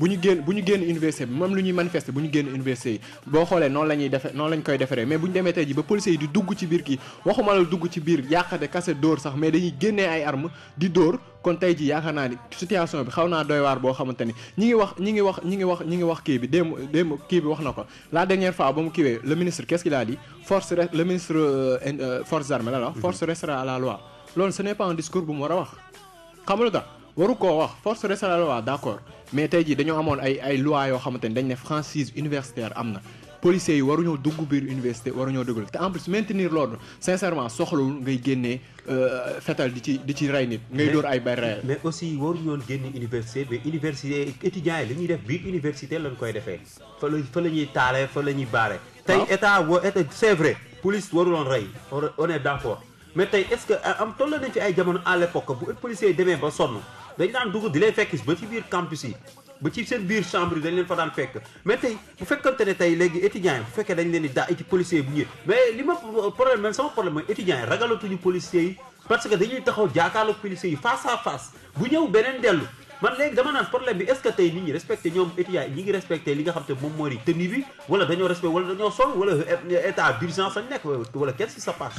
bu ñu génn bu ñu génn université bi même lu ñuy manifester bu ñu génn université yi boo xoolee noonu la ñuy defe noonu lañ koy deferee mais bu ñu demee tey ji ba policiers yi di dugg ci biir kii waxuma la dugg ci biir yàqate kase dóor sax mais dañuy génnee ay armes di dóor kon tey ji yaakaar naa ni situation bi xaw naa doy waar boo xamante ni ñi ngi wax ñi ngi wax ñi ngi wax ñi ngi wax kii bi démb démb kii bi wax na ko la dernière fois ba mu kiiwee le ministre qu'est-ce qu'il a dit force le ministre euh, euh, forces armées la wax mhm. force restera à la mu war a wax xam nga waru koo wax force restera à la loi d'accord mais tey jii dañoo amoon ay ay loi yoo xamante ni dañ ne franchise universitaire am na policiers yi waruñoo dugg biir université waruñoo duggal te en plus maintenir l'ordre sincèrement soxlawul ngay génnee euh, fetal di ci di ci rey nit. ngay door ay bay reyal. mais aussi waruñoon génn université mais université étudiants yi li ñuy def biir université lañ koy defee fa la fa la ñuy taalee fa la ñuy baaree. tey ah. état wa état c'est vrai police waruloon rey on est d'accord mais tey est-ce que am toll nañ fi ay jamono à l'époque bu policiers yi demee ba sonn. dañ daan dugg di lay fekk ba ci biir campus yi ba ci seen biir chambre yi dañ leen fa daan fekk mais tey bu fekkante ne tey léegi étudiants yi bu fekkee dañ leen di daa ci policiers yi bu ñëwee mais li ma problème ragalatuñu policiers yi parce que dañuy taxaw jaakaarloog policiers yi face à face bu ñëw beneen dellu man léegi dama naan problème bi est tey nit ñi respecté ñoom étudiants yi ñi ngi li nga xam te moom moo di tenue bi wala dañoo respecté wala dañoo sol wala état d'urgence a nekk wala qu'est-ce sa pa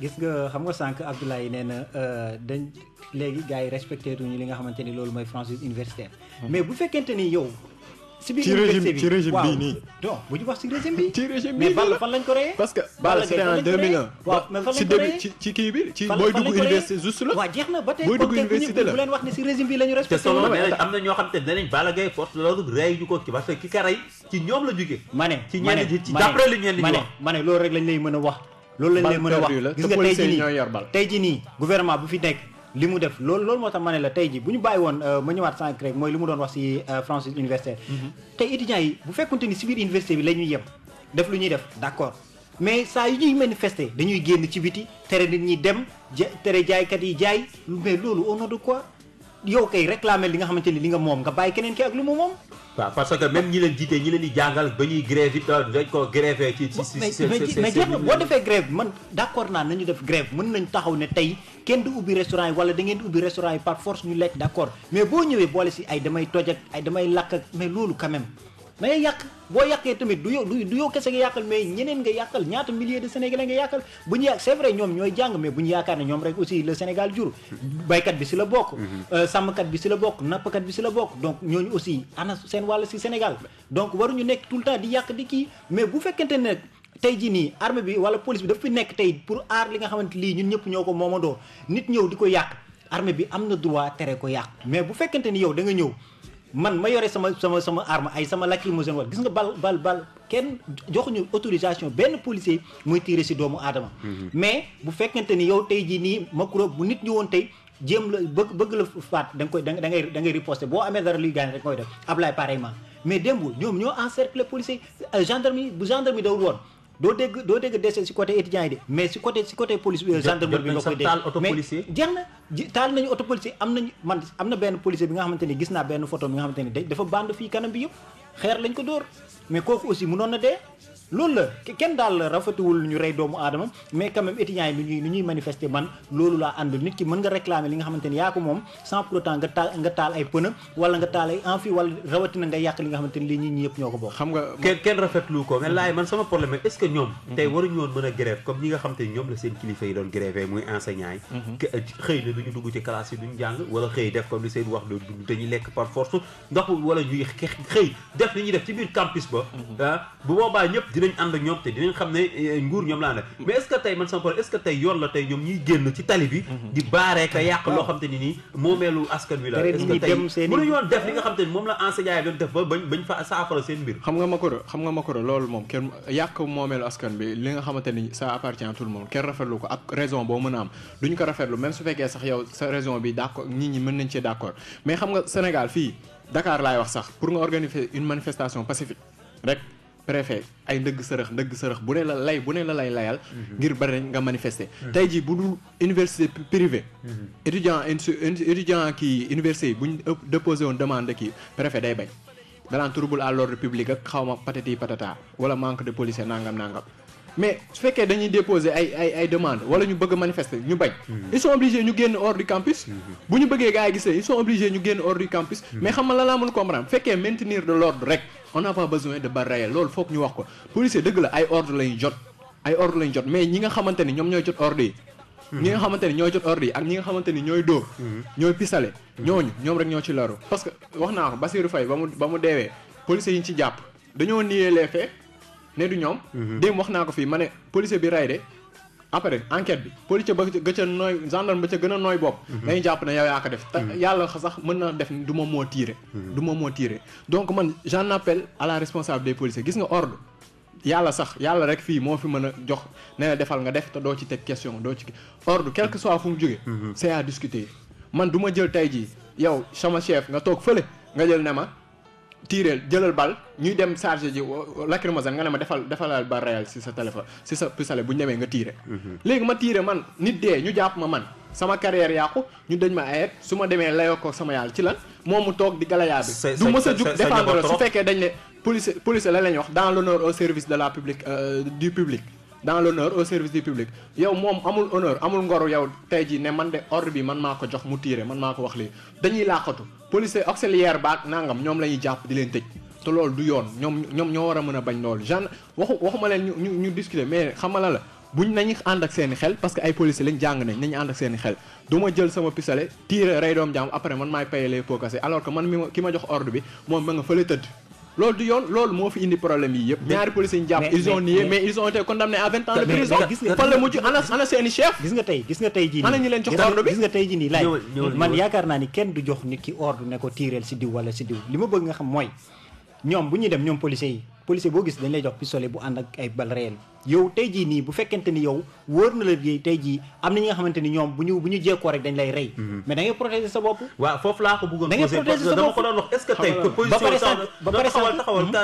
gis nga xam nga sànq Abdoulaye nee na euh, dañ léegi gars yi respecté tuñu li nga xamante ni loolu mooy franchise universitaire. Mm-hmm. mais bu fekkente ni yow. ci régime ci régime bii nii waaw bu ñu wax ci régime bi ci régime bii mais Balla fan lañ ko reyee. parce que Balla c'était université juste la. waaw jeex na ba tey kon tey bu leen wax ne ci régime bi la ñu respecté. te solo am na ñoo xam te ne nañ Balla Gaye force loolu rey ñu ko ci parce que ki ka rey ci ñoom la jógee. ma ci ñenn ci loolu rek lañ lay mën a wax. loolu lañ leen mën a wax gis nga tey jii nii tey jii nii gouvernement bu fi nekk li mu def loolu loolu moo tax ma ne la tey jii bu ñu bàyyi woon euh, ma ñëwaat sànq rek mooy li mu doon wax si euh, franchise université mhm. tey étudiants yi bu fekkunte ni si biir université bi la ñuy yem def lu ñuy def d'accord mais saa yu ñuy manifester dañuy génn ci biti tere nit ñi dem tere jaaykat yi jaay mais loolu au nom de quoi yow kay réclamer li nga xamante ni li nga moom nga bàyyi keneen ki ak lu mu moom waaw parce que même ñi leen jiite ñi leen di jàngal ba ñuy grève it dañ ko grève ci ci ci mais jeex na boo defee grève man d'accord naa nañu def grève mën nañ taxaw ne tey kenn du ubbi restaurant yi wala da ngeen di ubbi restaurant yi par force ñu lekk d'accord mais boo ñëwee boole si ay damay toj ak ay damay lakk ak mais loolu quand mais yàq boo yàqee tamit du yow du yow kese nga yàqal mais ñeneen nga yàqal ñaata milliers de sénégalais nga yàqal bu ñu yàq c'est ñoom ñooy jàng mais bu ñu yaakaar ne ñoom rek aussi le Sénégal jur baykat bi si la bokk mhm. euh, sàmmkat bi si la bokk nappkat bi si la bokk donc ñooñu aussi ana seen wàll si Sénégal donc waruñu nekk tout le temps di yàq di kii mais bu fekkente ne tey jii nii armée bi wala police bi daf fi nekk tey pour aar li nga xamante lii ñun ñëpp ñoo ko moomandoo nit ñëw di ko yàq armée bi am na droit tere ko yàq mais bu fekkente ni yow da nga ñëw man ma yore sama sama sama arme ay sama laki mu sama gis nga bal bal bal ken joxu ñu autorisation ben policier muy tirer ci doomu adama mhm. mais bu fekkante ni yow tay ji ni makro bu nit ñu won tay jëm la bëgg bëgg la faat da koy da ngay da ngay riposter bo amé dara luy gagne rek koy def ablay pareillement mais dembu ñom ñoo encercler policier euh, gendarmerie bu gendarmerie dawul won doo dégg doo dégg décès si côté étudiants yi de mais si côté si côté police gendarmerie bi nga koy dégg mais jeex na taal nañu auto am nañu man am na benn policier bi nga xamante ni gis naa benn photo bi nga xamante ni dafa band fii kanam bi yëpp xeer lañ ko dóor mais kooku aussi mënoon na dee loolu la kenn daal rafetiwul ñu rey doomu aadama mais quand même étudiants ñuy nu ñuy manifester man loolu laa àndul nit ki mën nga réclamer li nga xamante ni yaa ko moom sans pour autant nga taal nga taal ay pneu wala nga taal ay amphi wala rawatina nga yàq li nga xamante ni lii ñi ñi yëpp ñoo ko bokk xam nga kenn kenn rafetlu mm-hmm. a grève comme ñi nga xamante ni ñoom la seen kilifa yi doon grève muy mm-hmm. euh, dugg ci classe yi duñu jàng wala xëy def comme li seen wax lu dañuy lekk par force ndox ñuy xëy def li ñuy def ci biir campus ba mm-hmm. ah, bu boobaa ñëpp dinañ ànd ak ñoom te dinañ xam ne eh, nguur ñoom laa ne mais est ce que tey man sama problème est ce tey yoon la tey ñoom ñuy génn ci tali bi mhm. di baaree ka yàq loo xam te ni nii askan wi la est ce que tey moom la enseignant yi doon def ba bañ bañ fa saafara xam nga Makoro xam nga moom kenn yàq moomeelu askan bi li nga xamante ni ça appartient à tout le rafetlu ko ak raison boo mën a am duñ ko rafetlu même su fekkee sax yow sa raison bi d'accord nit ñi mën nañ cee d'accord mais xam nga Sénégal fii Dakar laay wax sax pour nga organiser une manifestation pacifique rek préfet ay ndëgg sërëx ndëgg sërëx bu ne la lay bu ne la lay layal. Mhm. ngir bari nga manifesté. Mhm. tey jii bu dul université privée. Mhm. étudiant étudiant kii université buñ déposé woon demande kii préfet day bañ. da naan trouble à l' ordre public ak xaw ma patati patata wala manque de policier nangam nangam. mais su fekkee dañuy déposé ay ay ay demande wala ñu bëgg manifester ñu bañ hmm. ils sont obligés ñu génn hors du campus hmm. bu ñu bëggee gars yi gisee ils sont obligés ñu génn hors du campus hmm. mais xam nga la laa mën comprendre fekkee maintenir de l'ordre rek on n'a pas besoin de barre réelle loolu foog ñu wax ko policier dëgg la ay ordre lañ jot ay ordre lañ jot mais ñi nga xamante ni ñoom ñooy jot ordre yi ñi nga xamante ni ñooy jot ordre yi ak ñi nga xamante ni ñooy dóor ñooy pisale ñooñu ñoom rek ñoo ci laru parce que wax naa ko Bassirou Faye ba mu ba mu deewee policier yi ñu ci jàpp dañoo nier les faits ne du ñoom. Mhm. démb wax naa ko fii ma ne policier bi rey de après enquête bi policier ba ga ca nooy gendarme ba ca gën a nooy bopp. Mhm. dañuy jàpp na yow yaa ko def. te mhm. yàlla sax mën naa def du moom moo tiire. du moom moo tiire donc man j'en appelle à la responsable des policiers gis nga ordre. yàlla sax yàlla rek fii moo fi mën a jox ne defal nga def te doo ci teg question doo ci ordre quel que soit fu mu jógee. c'est à discuter man du ma jël tey jii yow sama chef nga toog fële nga jël ne ma. tiireel jëlal bal ñuy dem chargé ji lacrymogène nga ne ma defal defalal bal réel si sa téléphone si sa pistolet bu ñu demee nga tiire mhm. léegi ma tiire man nit dee ñu jàpp ma man sama carrière yàqu ñu dañ ma ayet su ma demee layoo ko sama yàlla ci lan moom mu toog di galayaa bi du mës a jug défendre su fekkee dañ ne police police la lañ wax dans l'honneur au service de la public euh, du public dans l'honneur au service du public yow moom amul honneur amul ngoru yow tey ji ne man de ordre bi man maa ko jox mu tiire man maa ko wax lii dañuy làqatu police auxiliaire baak nangam ñoom la ñuy jàpp di leen tëj te loolu du yoon ñoom ñoom ñoo war a mën a bañ loolu genre waxu waxuma leen ñu ñu discuter mais xamala la buñ nañu ànd ak seen xel parce que ay policiers lañ jàng nañ nañu ànd ak seen xel du ma jël sama pistolet tiire rey doom jaam après man maay paye les pots cassés man mi ki ma jox ordre bi moom ma nga fële tëdd loolu du yoon loolu moo fi indi problème yi yëpp ñaari policiers ñu jàpp ils ont nié mais ils ont été condamnés à vingt ans de prison fan la mujj ana seeni chef gis nga tey gis nga tey jii ñu leen jox ordre nii man yaakaar naa ni kenn du jox nit ki ordre ne ko tiireel si diw wala si diw li ma bëgg nga xam mooy ñoom bu ñuy dem ñoom policiers yi policier boo gis dañ lay jox pistolet bu ànd ak ay bal réel yow tey jii nii bu fekkente ni yow wóor na la liggéey tey jii am na ñi nga xamante ni ñoom bu ñu bu ñu jekkoo rek dañ lay rey mhm. mais da ngay sa bopp waaw foofu laa ko bëggoon sa ba pare taxawal mhm. a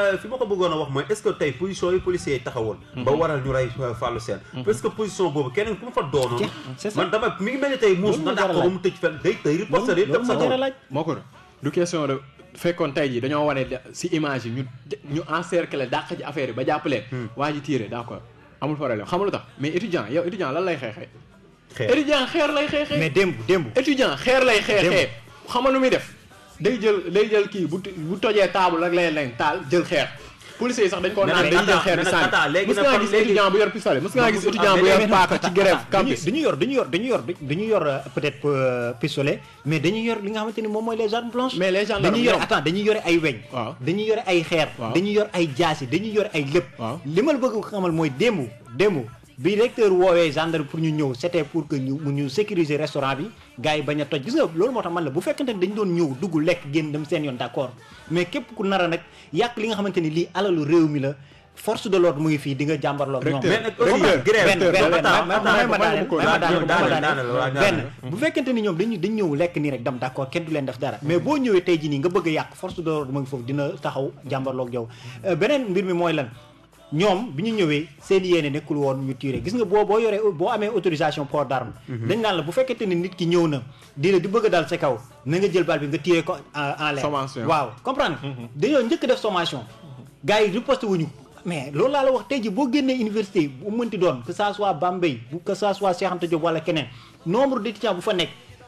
wax mooy est-ce mhm. ba waral ñu rey euh, Fallou Sène parce que position boobu keneen ku mu fa doonoon man dama mi ngi muus na dàq ko mu tëj fenn day tëy riposte yi dem sa moo ko du question de fekkoon tey jii dañoo wane si image yi ñu ñu encercler dàq ci affaire yi ba jàppalee hmm. waa ji tiire d'accord amul problème xamul tax mais étudiant yow étudiant lan lay xeexee étudiant xeer lay xeexee mais démb démb étudiant xeer lay xeexee xamal nu muy def day jël day jël kii bu bu tojee taabu rek lay leen taal jël xeer policiers yi sax dañ koo naan dañuy jël xeer yor pistolet mës ngaa gis étudiant bu yor paaka ci grève campus dañu yor dañu yor dañu yor dañu yor euh, peut-être euh, yor li ay xeer dañuy yor ay jaasi dañuy yor ay lépp li ma la bëgg xamal mooy démb démb bi directeur woowee gendarme pour ñu ñëw c'était pour que ñu sécuriser restaurant bi gars yi bañ a toj gis nga loolu moo tax man la bu fekkante ni dañ doon ñëw dugg lekk génn dem seen yoon d'accord mais képp ku nar a nag yàq li nga xamante ni lii alalu réew mi la force de l'ordre mu ngi fii di nga jàmbarloo ak ñoom benn bu fekkente ni ñoom dañu dañ ñëw lekk nii rek dem d'accord kenn du leen def dara mais boo ñëwee tey ji nii nga bëgg a yàq force de l'ordre mu ngi foofu dina taxaw jàmbarloo ak beneen mbir mi mooy lan ñoom bi ñu ñëwee seen yéene nekkul woon ñu tiire gis nga boo boo yoree boo amee autorisation port d'arme mhm. dañ naan la bu fekkente ni nit ki ñëw na di la di bëgg a dal sa kaw na nga jël bal bi nga tiire ko en l'air waaw comprendre mhm. dañoo njëkk def sommation gars yi wuñu mais loolu laa la wax tey ji boo génnee université bu mënti doon que ça soit Bambey que ça soit Cheikh Anta Diop wala keneen nombre d'étudiants bu fa nekk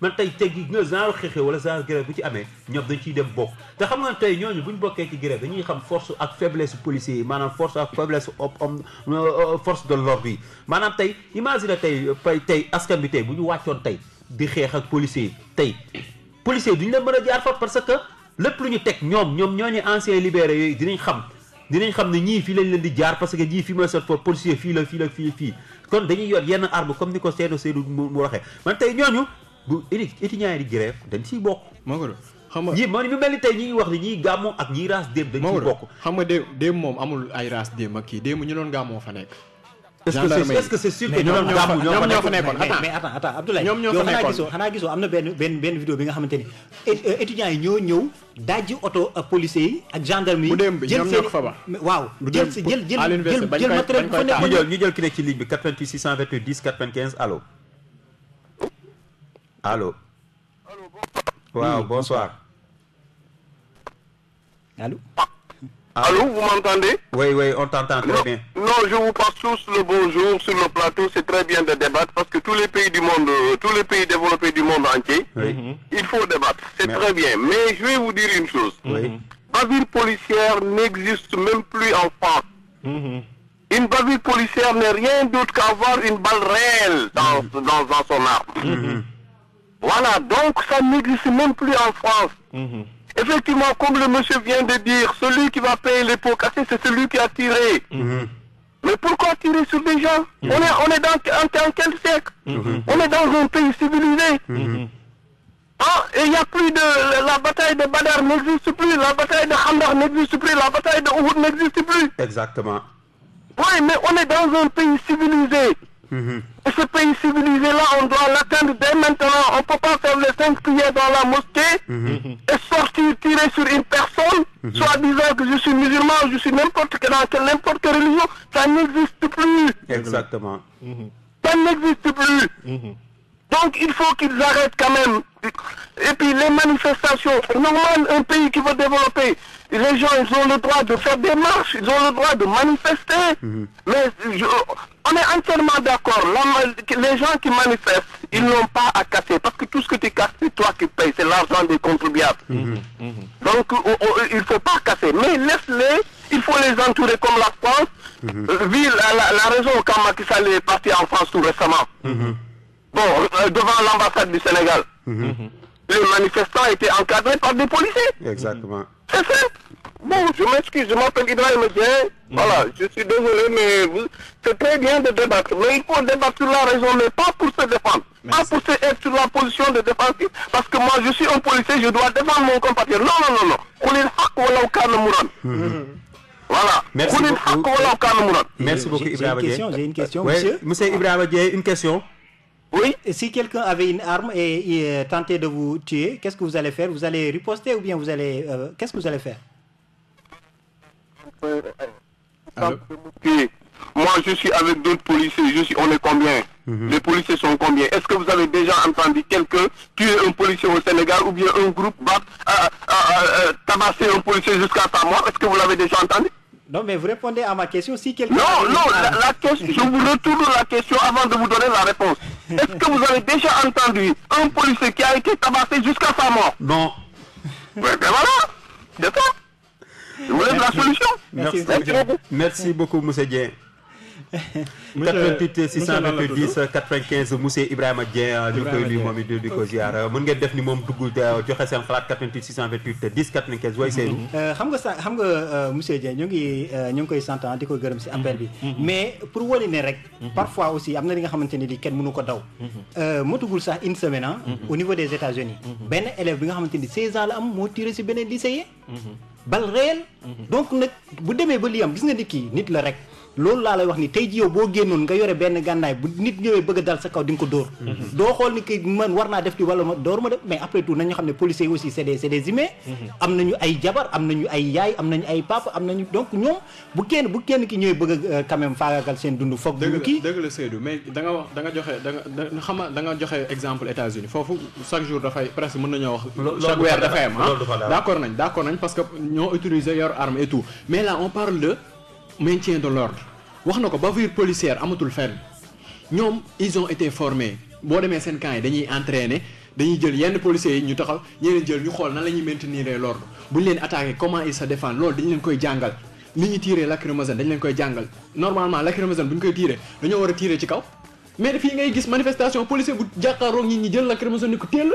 man tey teg gi nga genre xeexee wala genre grève bu ci amee ñoom dañ ciy dem bokk te xam nga tey ñooñu bu ñu bokkee ci grève dañuy xam force ak faiblesse policiers yi maanaam force ak faiblesse om euh, force de l'ordre yi maanaam tey imagine tey pay tey askan bi tey bu ñu wàccoon tey di xeex ak policiers yi tey policiers yi duñu leen mën a jaar fa parce que lépp lu ñu teg ñoom ñoom ñoo ñooñu anciens libérés yooyu dinañ xam dinañ xam ne ñii fii lañ leen di jaar parce que ñii fi mooy seen for policier fii la fii la fii yenn arme comme ni ko Seydou Seydou mu waxee man tey ñooñu bu étudiants yi di grève dañ siy bokk. Maodo xam nga ñi man mi mel ni tey ñi wax ni ñii gàmmoo ak ñii raas démb. dañ siy bokk xam nga démb démb moom amul ay raas démb ak kii démb ñu doon gàmmoo fa ñoom ñoom ñoo fa nekkoon yi ak policiers yi ak gendarmerie yi. bu jël seen waaw jël jël jël jël bu fa nekk ñu jël ki nekk ci ligne bi 88 628 10 95 allo Allô bonsoir. Allô. Ah. Allô, vous m'entendez Oui, oui, on t'entend très bien. Non, je vous passe tous le bonjour sur le plateau. C'est très bien de débattre parce que tous les pays du monde, euh, tous les pays développés du monde entier, il faut débattre. C'est très bien. Mais je vais vous dire une chose. Oui. Bavure policière n'existe même plus en France. Mhm. Une bavure policière n'est rien d'autre qu'avoir une balle réelle dans, mhm. dans, son arme. Mhm. Voilà, donc ça n'existe même plus en France. Mhm. Effectivement, comme le monsieur vient de dire, celui qui va payer les pots cassés, c'est celui qui a tiré. Mhm. Mais pourquoi tirer sur des gens mhm. on, est, dans quel siècle On est dans un pays civilisé. Ah, et il n'y a plus de. La bataille de Badar n'existe plus, la bataille de Khandar n'existe plus, la bataille de n'existe plus. Exactement. Oui, mais on est dans un pays civilisé. Et Ce pays civilisé-là, on doit l'atteindre dès maintenant. On ne peut pas faire les cinq prières dans la mosquée mhm. et sortir tirer sur une personne, mhm. soit disant que je suis musulman je suis n'importe quelle, n'importe quelle religion. Ça n'existe plus. Exactement. Mhm. Ça n'existe plus. Donc il faut qu'ils arrêtent quand même. Et puis les manifestations, normal, un pays qui veut développer, les gens, ils ont le droit de faire des marches, ils ont le droit de manifester. Mais je, on est entièrement d'accord. Les gens qui manifestent, ils mm-hmm. n'ont pas à casser. Parce que tout ce que tu casses, c'est toi qui payes. C'est l'argent des contribuables. Mm-hmm. Mm-hmm. Donc, oh, oh, oh, il ne faut pas casser. Mais laisse-les. Il faut les entourer comme la France. Euh, Ville. Vu la, raison quand Macky est parti en France tout récemment. Bon, euh, devant l'ambassade du Sénégal. Les manifestants étaient encadrés par des policiers. Exactement. C'est fait. Bon, je m'excuse, je m'appelle Ibrahim Dien. Voilà, je suis désolé, mais c'est très bien de débattre. Mais il faut débattre sur la raison, mais pas pour se défendre. Pas pour se être sur la position de défenseur, Parce que moi, je suis un policier, je dois défendre mon compatriote. Non, non, non, non. Mm-hmm. Voilà. Merci beaucoup. Merci beaucoup, Ibrahim J'ai une question, oui, monsieur. Monsieur Ibrahim une question. Oui. Si quelqu'un avait une arme et, euh, tentait de vous tuer, qu'est-ce que vous allez faire Vous allez riposter ou bien vous allez. Euh, qu'est-ce que vous allez faire moi, je suis avec d'autres policiers. Je suis, on est combien mhm. Les policiers sont combien Est-ce que vous avez déjà entendu quelqu'un tuer un policier au Sénégal ou bien un groupe battre, euh, euh, euh, tabasser un policier jusqu'à sa mort Est-ce que vous l'avez déjà entendu non, mais vous répondez à ma question si quelqu'un. Non, non, la, question, je vous retourne la question avant de vous donner la réponse. <laughs> Est-ce que vous avez déjà entendu un policier qui a été tabassé jusqu'à sa mort Non. ben voilà, D'accord. Vous êtes la solution. Merci, merci, beaucoup. merci beaucoup, <laughs> Monsieur Dien. 88 690 95 monsieur Ibrahima Dieng ñu ngi koy nuyu moom it ko ziar mën ngeen def ni moom dugg joxe sen xalat 88 628 10 95 waaye Seydou euh, xam nga xam nga euh, monsieur Dieng ñu ngi euh, ñu ngi koy sant diko ko gërëm si appel bi mm-hmm. mais pour wóli ne rek mm-hmm. parfois aussi am na li nga xamante ni di kenn mënu ko daw mm-hmm. euh motugul sax une semaine ah au niveau des États-Unis ben élève bi nga xamante 16 ans la am mo tiré ci benen lycée bal réel mhm. donc nag bu demee ba li am gis nga ni kii nit la rek loolu laa lay wax ni tey ji yow boo génnoon nga yore benn gànnaay bu nit ñëwee bëgg a dal sa kaw di nga ko dóor mhm. doo xool ni kay man war naa def di wala ma dóor ma def mais mhm. am nañu ay jabar am nañu ay yaay am bu kenn ki ñëwee bëgg a euh, quand même faagaagal seen dund foog nga wax da nga joxe da exemple États-Unis foofu chaque jour dafay presque mën nañoo wax chaque weer dafay am ah. d'accord nañ d'accord nañ parce que ñoo utiliser yor arme et tout mais là on parle de maintien de l'ordre wax na ko bavure policière amatul fenn ñoom ils ont été formés boo demee seen camp yi dañuy entraîner dañuy jël yenn policiers yi ñu taxaw ñeneen jël ñu xool nan la ñuy maintenir l'ordre bu ñu leen attaqué comment ils se défendent loolu dañ leen koy jàngal ni ñuy tiiree lacrymogène dañ leen koy jàngal normalement lacrymogène bu ñu koy tiiree dañoo war a tiiree ci kaw mais fii ngay gis manifestation policier bu jàkkaaroog nit ñi jël lacrymogène ni ko teel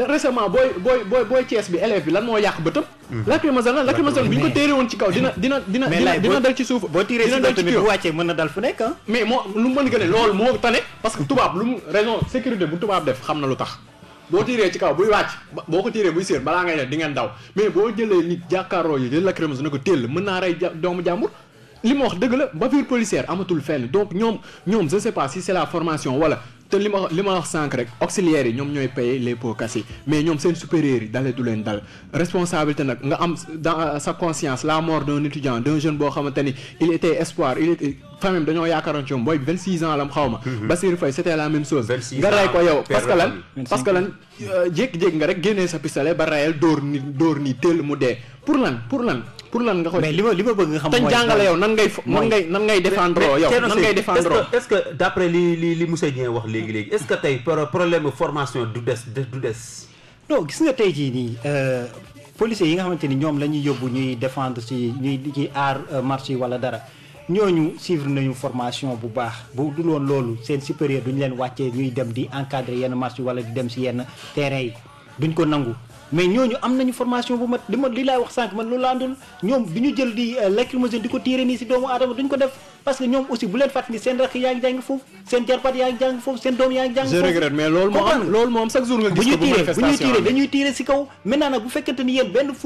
récemment booy booy booy booy Thiès bi élève bi lan moo yàq bëtam. Mhm. lacrymogène la lacrymogène bi ñu ko téere woon ci kaw dina dina dina dina dal ci suuf. boo tiree si kaw tamit bu wàccee mën na dal fu nekk ah. mais moo lu mën gën a loolu moo tane parce que tubaab lu mu raison sécurité bu tubaab def xam na lu tax. boo tiiree ci kaw buy wàcc boo ko tiiree buy séer balaa ngay ne di ngeen daw mais boo jëlee nit jàkkaaroo yi jël lacrymogène ne ko téel mën naa rey doomu jàmbur. li ma wax dëgg la bavure policière amatul fenn donc ñoom ñoom je sais pas si c'est la formation wala te li ma li ma wax sànq rek auxiliaires yi ñoom ñooy payer les pots cassés mais ñoom seen supérieurs yi dale du leen dal responsabilité nag nga am dans euh, sa conscience la mort d'un étudiant d'un jeune boo xamante ni il était espoir il était famille dañoo yaakaaroon ci moom vingt 26 ans lam xaw ma. Mhm. Bassirou Faye c'était la même chose. nga ray ko yow parce que lan parce que lan euh, jékki-jékki nga rek génnee sa pistolet ba reyal dóor ni dóor ni teel mu dee pour lan pour lan. pour lan nga koy. mais li ma li ma bëgg nga xam mooy jàngale yow nan ngay nan ngay nan ngay defendro yow nan ngay défendre est ce que d' après li li li monsieur Dieng wax léegi léegi est ce que tey problème formation du des du des. non gis nga tey jii nii euh, policiers yi nga xamante ni ñoom la ñuy yóbbu ñuy défendre ci ñuy ci aar euh, marché wala dara ñooñu suivre nañu formation bu baax bu dul woon loolu seen supérieur duñu leen wàccee ñuy dem di encadrer yenn marché wala di dem si yenn terrain yi duñ ko nangu. mais ñooñu am nañu formation bu mat li ma li laay wax sànq man loolu laa andul ñoom du ñu jël di euh, lacrymogène di ko tiire nii si doomu aadama duñ ko def parce que ñoom aussi bu leen fàttali seen rakk yaa ngi jàng foofu seen jarbaat yaa ngi jàng foofu seen doom yaa ngi jàng foofu nga gis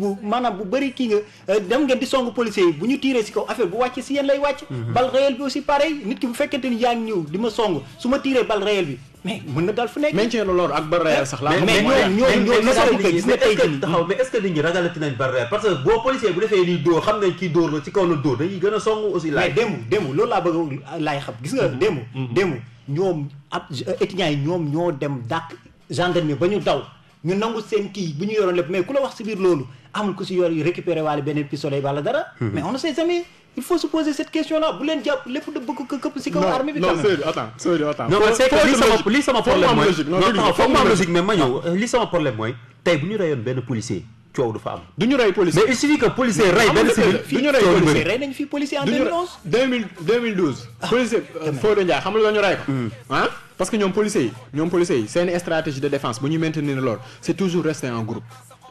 bu maanaam bu bëri kii nga euh, dem ngeen di song policiers yi bu ñu tiire si kaw affaire bu wàcc si yéen lay wàcc mhm. bal réel bi aussi pareil nit ki bu fekkente ni yaa ngi ñëw di ma song su bi mais mën na daal fu nekk. maintien de l'ordre ak barrière sax la. mais ñooñu ñooñu ñooñu gis nga tey jii taxaw mais est-ce que nit ñi ragalati nañ barrière parce que boo policier bu defee nii dóor xam nañ kii dóor la ci kaw la dóor dañuy gën a song aussi. laay mais démb démb loolu laa bëgg laay xam gis nga démb. Mm-hmm. démb ñoom ab étudiants yi ñoom ñoo dem dàq gendarmerie ba ñu daw ñu nangu seen kii bu ñu yoroon lépp mais ku la wax si biir loolu amul ku si yor récupérer waale beneen pistolet wala dara. Mm-hmm. mais on ne sait jamais il faut se poser cette question là bu leen jàpp les da bëgg que que si kaw armée bi. non c'est attends c'est attends. non c'est que li sama m'a sama problème mooy non foog ma en logique mais ma ñëw li sama problème mooy tey bu ñu rayon ben policier coow du fa am. du ñu rey policier mais il suffit que policier rey ben civil. du ñu Rayon policier rey nañu fi policier en 2011. 2000 2012. policier euh, faut Ndiaye xam nga ñu rey ko. Hmm. hein parce que ñoom policiers yi ñoom policiers une stratégie de défense bu ñu maintenir lool c'est toujours rester en groupe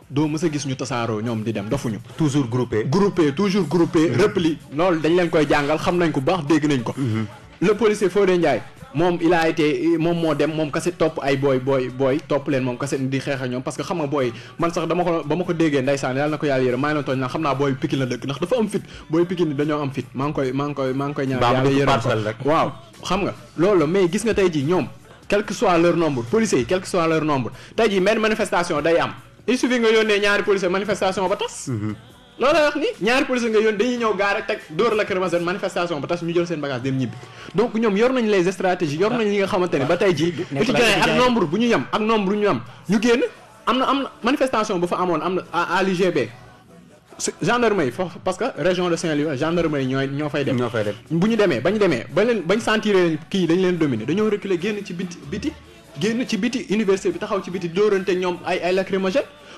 doo mës a gis ñu tasaaroo ñom di dem dofuñu. toujours groupé. groupé toujours groupé. Mm-hmm. repli non, dañ leen koy jàngal xam nañ ko bax dégg nañ ko. Mm-hmm. le policier Fodé Ndiaye mom il a été mom mo dem mom kasse top ay boy, boy boy top leen mom kasse di xeex ñom parce que xam nga booy man sax dama ko bama ko déggé ndeysaan yalla nako yalla yàlla yére maa ngi leen tooñ naan xam naa booy Pikine la dëkk ndax dafa am fit boy Pikine dañoo am fit mang koy mang koy mang koy ñaar yàlla yërëm waaw xam nga loolu mais gis nga tay ji ñom quel que soit leur nombre policier, quel que soit leur nombre tay ji même manifestation day am il suffit nga yónnee ñaari policiers manifestation ba tas. Mhm. loolu lay wax ni ñaari policiers nga yónnee dañuy ñëw gaare teg dóor la kër manifestation ba tas ñu jël seen bagage dem ñibbi donc ñoom yor nañ les stratégies yor nañ li nga xamante ne ba tey ji étudiants yi ak nombre bu ñu yem ak nombre bu ñu am ñu génn am na am na manifestation bu fa amoon am na à l'UGB gendarmerie foofu parce que région de Saint-Louis gendarmerie ñooy ñoo fay dem. ñoo fay dem bu ñu demee bañ demee ba leen bañ sentiré leen kii dañ leen dominer dañoo reculer génn ci biti biti génn ci biti université bi taxaw ci biti dóorante ñoom ay ay lacrymogène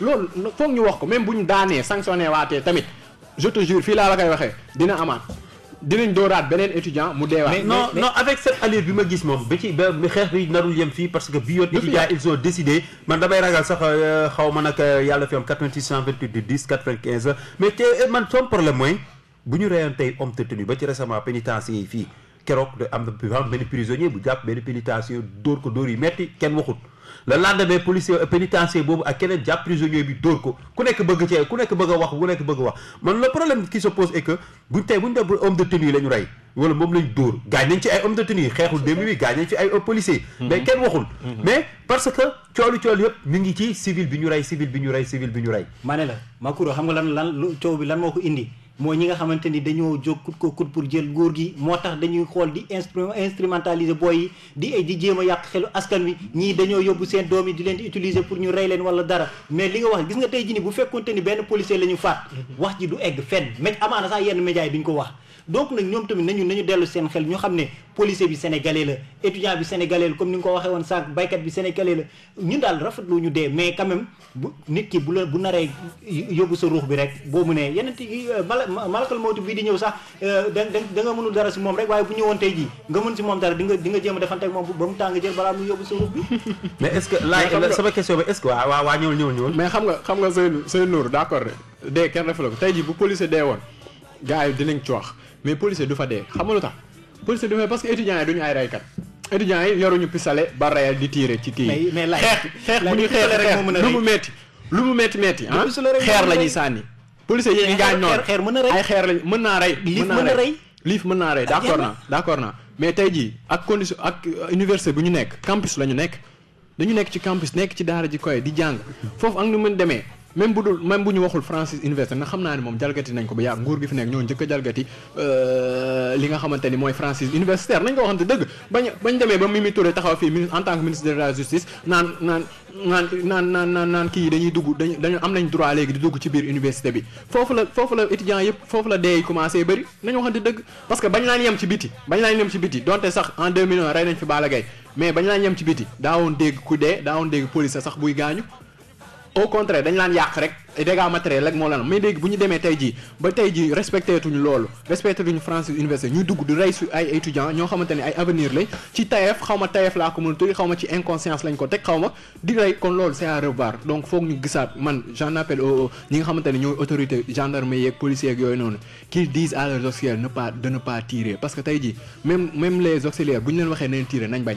lool foog ñu wax ko même bu ñu daanee sanctionné waatee tamit je te jure fii laa la koy waxee dina amaat dinañ dooraat beneen étudiant mu wax mais non non avec cette allure bi ma gis moom ba ci ba xeex bi narul yem fii parce que bi yoon étudiant ils ont décidé man damay ragal sax euh, xaw ma nag euh, yàlla fi am 88 du 10 95 mais te euh, man son problème mooy bu ñu reyoon tey homme de tenue ba ci récemment pénitencier yi fii keroog am na benn prisonnier bu jàpp benn pénitencier dóor ko dóor yi metti kenn waxut. le lendemain policier euh, pénitencier boobu ak keneen jàpp prisonnier bi dóor ko ku nekk bëgg cee ku nekk bëgg a wax ku nekk bëgg a wax man le problème qui se pose est que buñ tey buñ def homme de tenue la ñu rey wala moom lañ dóor gaañ nañ ci ay homme de tenue xeexul 2008 gaañ nañ ci ay policiers mhm. mais kenn waxul mhm. mais parce que coolu cool yëpp mi ngi ci civil bi ñu rey civil bi ñu rey civil bi ñu rey ma ne la Makouro xam nga lan lan coow bi lan moo ko indi mooy ñi nga xamante ni dañoo jóg kut ko kut pour jël góor gi moo tax dañuy xool di instrumentaliser booy yi di di jéem yàq xelu askan wi ñii dañoo yóbbu seen doom yi di leen di utiliser pour ñu rey leen wala dara mais li nga wax gis nga tey ji ni bu fekkonte ni benn policier la ñu faat mm-hmm. wax ji du egg fenn mais amaana sax yenn média bi ñu ko wax donc nag ñoom tamit nañu nañu dellu seen xel ñu xam ne policier bi sénégalais la étudiant bi sénégalais la comme ni nga ko waxee woon sànq baykat bi sénégalais la ñun daal rafetlu ñu dee mais quand même bu nit ki bu la bu naree sa ruux bi rek boo mu nee yeneen yi euh, malakal mawtu bii di ñëw sax euh, da da bu ñëwoon tey jii nga mën si moom nga di nga jéem a defante ak moom ba mu tàng jël balaa muy yóbbu sa de <laughs> dee kenn ref la ko tey jii bu policier dee woon gars yi dinañ ci wax mais policier du fa dee xam nga lu tax policier du fa parce que étudiants yi duñu ay raykat étudiants yi yoruñu pisale ba rayal di tiire ci kii yi xeex xeex bu ñuy xeex xeex lu mu metti lu mu metti metti ah? xeer la ñuy sànni policier yi ñu gaañ noonu ay xeer lañ mën naa rey mën naa rey liif mën naa rey d'accord naa d'accord naa mais tey jii ak condition ak euh, université bu ñu nekk campus la ñu nekk dañu nekk ci campus nekk ci daara ji koy di jàng foofu ak nu mën demee même bu dul même bu ñu waxul Francis Investor na xam naa ne moom jalgati nañ ko ba yàgg nguur gi fi nekk ñoo njëkk jalgati euh, li nga xamante ni mooy Francis Investor nañ ko waxante dëgg bañ bañ demee ba Mimi en tant que ministre de la justice naan naan dugg dañu dañu am nañ droit léegi di dugg ci biir université bi foofu la foofu la étudiants yëpp la dee commencé bëri nañu waxante dëgg parce que bañ naan yem ci biti bañ biti donte sax en 2001 rey nañ fi Balla Gaye mais bañ naan yem ci biti daawoon dégg ku dee daawoon dégg police sax buy gaañu au contraire dañ lan yàq rek dégâts matériels rek moo laan mais léegi bu ñu demee tey jii ba tey jii respecté tuñ loolu respecté tuñ France université ñu dugg di rey su ay étudiants ñoo xamante ne ay avenir lañ ci tayef xaw ma tayef laa ko mën a tudd xaw ma ci inconscience lañ ko teg xaw ma di rey kon loolu c'est à revoir donc foog ñu gisaat man j'en appelle au ñi nga xamante ne ñooy autorité gendarmerie yeeg policier yeeg yooyu noonu qui disent à leurs auxiliaires ne pas de ne pas tirer parce que tey jii même même les auxiliaires bu ñu leen waxee nañ tirer nañ bañ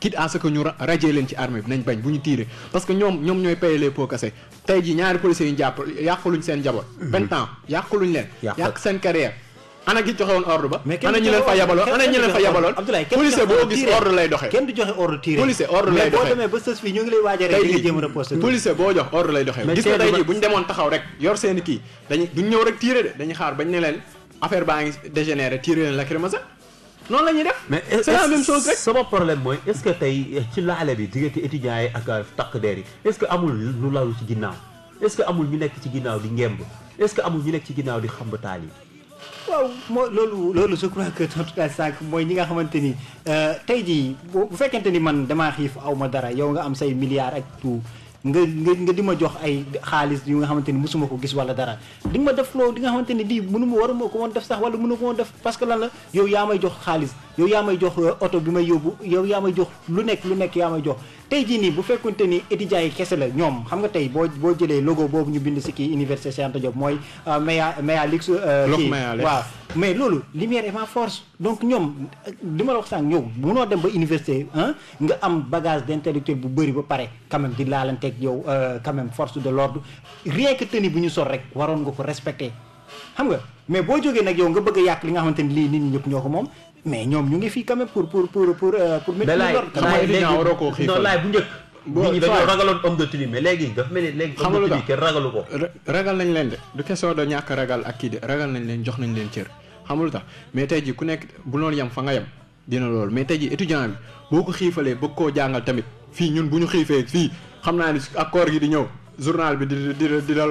quitte à ce que ñu rajee leen ci armée bi nañ bañ bu ñu tiiree parce que ñoom ñoom ñooy payer les pots ji ñaari policiers yu jàpp yàquluñ seen njaboot mhm. seen carrière ana gi joxe woon leen fa yabaloon ana boo gis ordre lay doxee kenn du lay doxee a gis nga ji bu ñu demoon taxaw rek yor seen kii dañu ñëw rek tiré de dañuy xaar bañ ne leen affaire baa ngi dégénéré tiré leen lacrymogène non la def. c'est la même chose rek. sama problème moy est-ce que tay ci laale bi diggante étudiant yi ak tak der est-ce que amul lu laalu ci ginnaaw est-ce que amul ñu nekk ci ginnaaw di ngemb est-ce que amul ñu nekk ci ginnaaw di xamb taal waaw mo lolu lolu je crois que en tout cas sànq moy ñi nga xamanteni ni euh, tay ji bu fekkente ni man dama xif awma dara yow nga am say milliards ak tout. nga nga nga di ma jox ay xaalis yu nga xamante ni mosuma ko gis wala dara di nga ma def loolu di nga xamante ni lii mënu ma waruma ko woon def sax wala mënu ko woon def parce que lan la yow yaa may jox xaalis yow yaa may jox euh, oto bi may yóbbu yow yaa may jox lu nekk lu nekk yaa may jox tey jii nii bu fekkunte ni étudiants kese la ñoom xam nga tey boo boo jëlee logo boobu ñu bind si kii université Cheikh Anta Diop mooy euh, Meya Meya Lix euh, kii mais loolu lumière est ma force donc ñoom li ma la wax sànq yow munoo dem ba université ah nga am bagage d' intellectuel bu bëri ba pare quand même di laalanteeg yow euh, quand même force de l' ordre rien que tenue bu ñu sol rek waroon nga ko respecté xam nga mais boo jógee nag yow nga bëgg a li nga xamante ni lii nit ñi ñëpp ñoo ko moom mais ñoom ñu ngi fii quand même pour pour pour pour euh, pour mettre l' ordre. xam nga li non laay bu njëkk. bo ñi dañoo ragaloon homme de tenue mais léegi nga mel ni homme de tenue kenn ragalu ko. ragal nañ leen de du question de ñàkk ragal ak kii de ragal nañ leen jox nañ leen cër. xamul tax mais tey ji ku nekk bu loolu fa nga yem dina mais tey ji étudiant bi boo ko xiifalee bëgg koo jàngal tamit fii ñun bu ñu xiifee fii xam naa ni ak gi di ñëw journal bi di di di la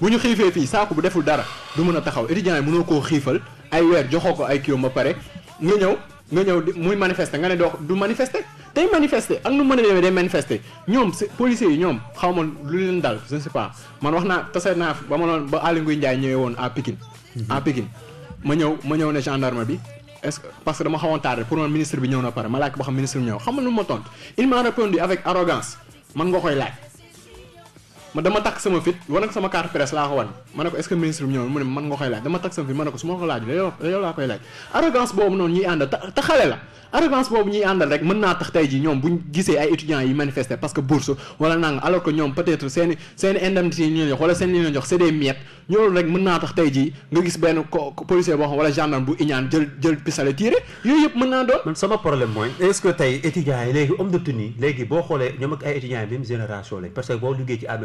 bu ñu xiifee fii saako bu deful dara du mën a taxaw étudiant yi mënoo koo xiifal ay weer joxoo ko ay kiom ba pare nga ñëw nga ñëw muy manifester nga ne doo du manifester tey manifester ak nu mën a demee day manifester ñoom policiers yi ñoom xaw ma lu leen dal je ne sais pas man wax naa tase naa ba ma noon ba Aly Ngouille Ndiaye ñëwee woon à Pikine ma ñëw ma ñëw ne gendarme bi est-ce que parce que dama xawoon tardé pour man ministre bi ñëw na pare ma laaj ko ba xam ministre bi ñëw xam nga lu ma tontu il m'a répondu avec arrogance man nga koy laaj. ma dama tak sama fit won ak sama carte presse la ko wan mané ko est ce que ministre ñew mu ne man nga koy laaj dama tak sama fit mané ko suma ko laaj la yow la koy laaj arrogance bobu non ñi andal ta xalé la arrogance bobu ñi andal rek mën na tax tay ji ñom buñu gisé ay étudiants yi manifester parce que bourse wala nang alors que ñom peut-être seen seen indemnité ñu ñu xol seen ñu jox c'est des miettes ñoo rek mën na tax tay ji nga gis ben policier bo xam wala gendarme bu iñan jël jël pistolet tiré yoy yep mën na doon man sama problème moy est ce que tay étudiants yi légui homme de tenue légui bo xolé ñom ak ay étudiants même génération lay parce que bo liggé ci arbre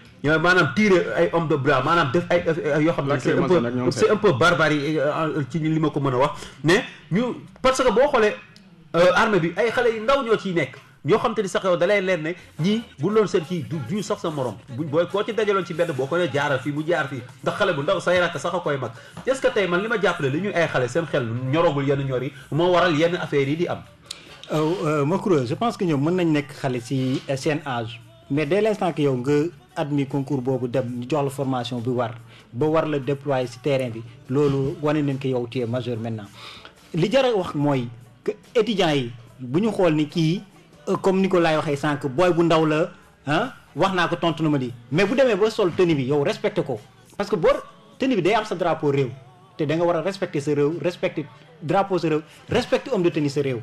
ñooy maanaam tirer ay homme de bras maanaam def ay yoo xam ne c'est un peu c'est barbarie euh, ci li ma ko mën a wax mais ñu parce que boo xoolee euh, armée bi ay xale yu ndaw ñoo ciy nekk ñoo xam te ni sax yow da lay leer ne ñii bu loon seen kii du duñu sax sa morom bu booy koo ci dajaloon ci benn boo ko ne jaaral fii mu jaar fii ndax xale bu ndaw say rakk sax a koy mag est-ce que tey man li ma jàppale li ñuy ay xale seen xel ñorogul yenn ñor yi moo waral yenn affaires yi di am euh, Macro je pense que ñoom mën nañ nekk xale si seen âge mais dès l'instant que yow nga admis concours boobu dem ñu jox la formation bi war ba war la déployer ci terrain bi loolu wane nañ ko yow tu es majeur li jar wax mooy que étudiants yi bu ñu xool ni kii euh, comme ni ko laay waxee sànq booy bu ndaw la ah wax naa ko tontu na ma lii mais bu demee ba sol tenue bi yow respecté ko parce que boo tenue bi day am sa drapeau réew te danga war a respecté sa réew respecté drapeau sa réew respecté homme de tenue sa réew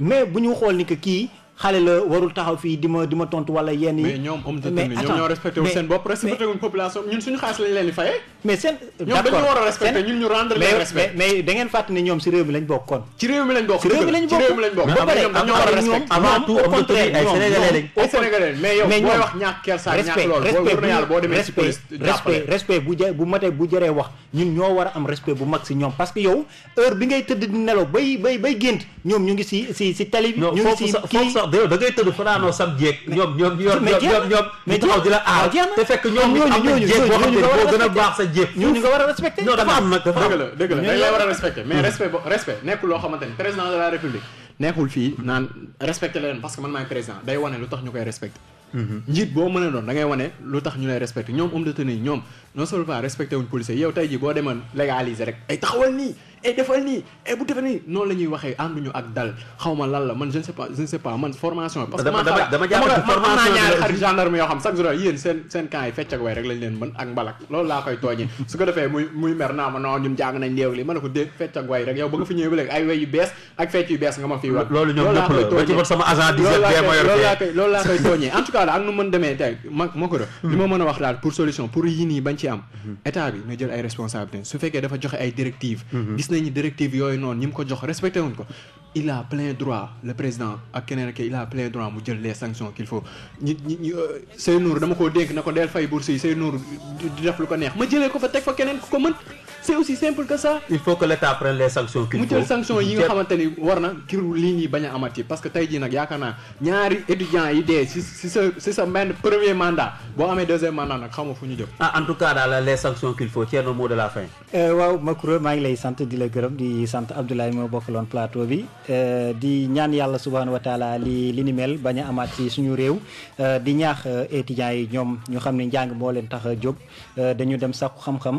mais bu ñu xool ni que kii xale la warul taxaw fii di ma di ma tontu wala yenn yi. mais ñoom homme de tenue ñoom ñoo respecté wu seen bopp. ñoom dañu war a respect. ñoom si réew mi lañ bokk kon. ci réew mi lañ bokk ci réew mi lañ bokk ba a respecté avant boo wër na yàlla boo demee si respect respect bu jë bu matee wax ñun ñoo war a am respect bu mag si ñoom parce que yow heure bi ngay tëdd di nelaw bay bay bay gént ñoom ñu ngi si si tali bi. ñu ngi si kii sax tëdd fanaanoo sam jéeg. ñoom ñoom ñoom ñoom ñu taxaw di ah, te fekk ñoom ñu am na jéeg boo xam ne boo gën a baax ñooñu nga war a respecté non am nag dafa am dëgg la dëgg la dañ war a respecté mais hmm. respect respect nekkul loo xamante ni président de la république nekkul fii naan respecté leen parce que man maay président day wane lu tax ñu koy respecté njiit boo mën a doon da wane lu tax ñu lay respecté ñoom homme de tenue ñoom non seulement respecté wuñ policier yow tey jii boo demoon légaliser rek ay taxawal nii et eh, defal nii et eh, bu defal nii noonu la ñuy waxee ànduñu ak dal xaw ma lan la man je ne sais pas je ne sais pas man formation. parce que dama naa defee muy muy mer naa ma non ñun jàng nañ léegi li ma ay way wax. loolu ñoom ñëpp la ba ci a wax daal mhm. ay responsabilité su fekkee dafa joxe ay directives mhm. gis nañu directive yooyu noonu ñi ko jox respecté wuñ ko il a plein droit le président ak keneen ak il a plein droit mu jël les sanctions qu'il faut ñi ñi euh, Seynour dama koo dénk na ko deel fay bourse yi Nour di def lu ko neex ma jëlee ko fa teg fa keneen ku ko mën c'est aussi simple que ça. il faut que l'État prenne les sanctions qu'il faut mu jël sanctions yi nga xamante ni war na ngir lii ñuy bañ a amati parce que tey jii nag yaakaar naa ñaari étudiants yi dee si si sa si premier mandat boo amee deuxième mandat nag xamoo fu ñu ah en tout cas daal les sanctions qu'il faut tiens le mot de la fin. Euh, waaw Makoura maa ngi lay sant di la gërëm di sant Abdoulaye moo bokkaloon plateau bi euh, di ñaan yàlla subhaanahu wa taala li li ni mel bañ a amaat ci suñu euh, di ñaax étudiants yi ñoom ñu xam jang njàng leen tax job jóg dañu dem sàkku xam-xam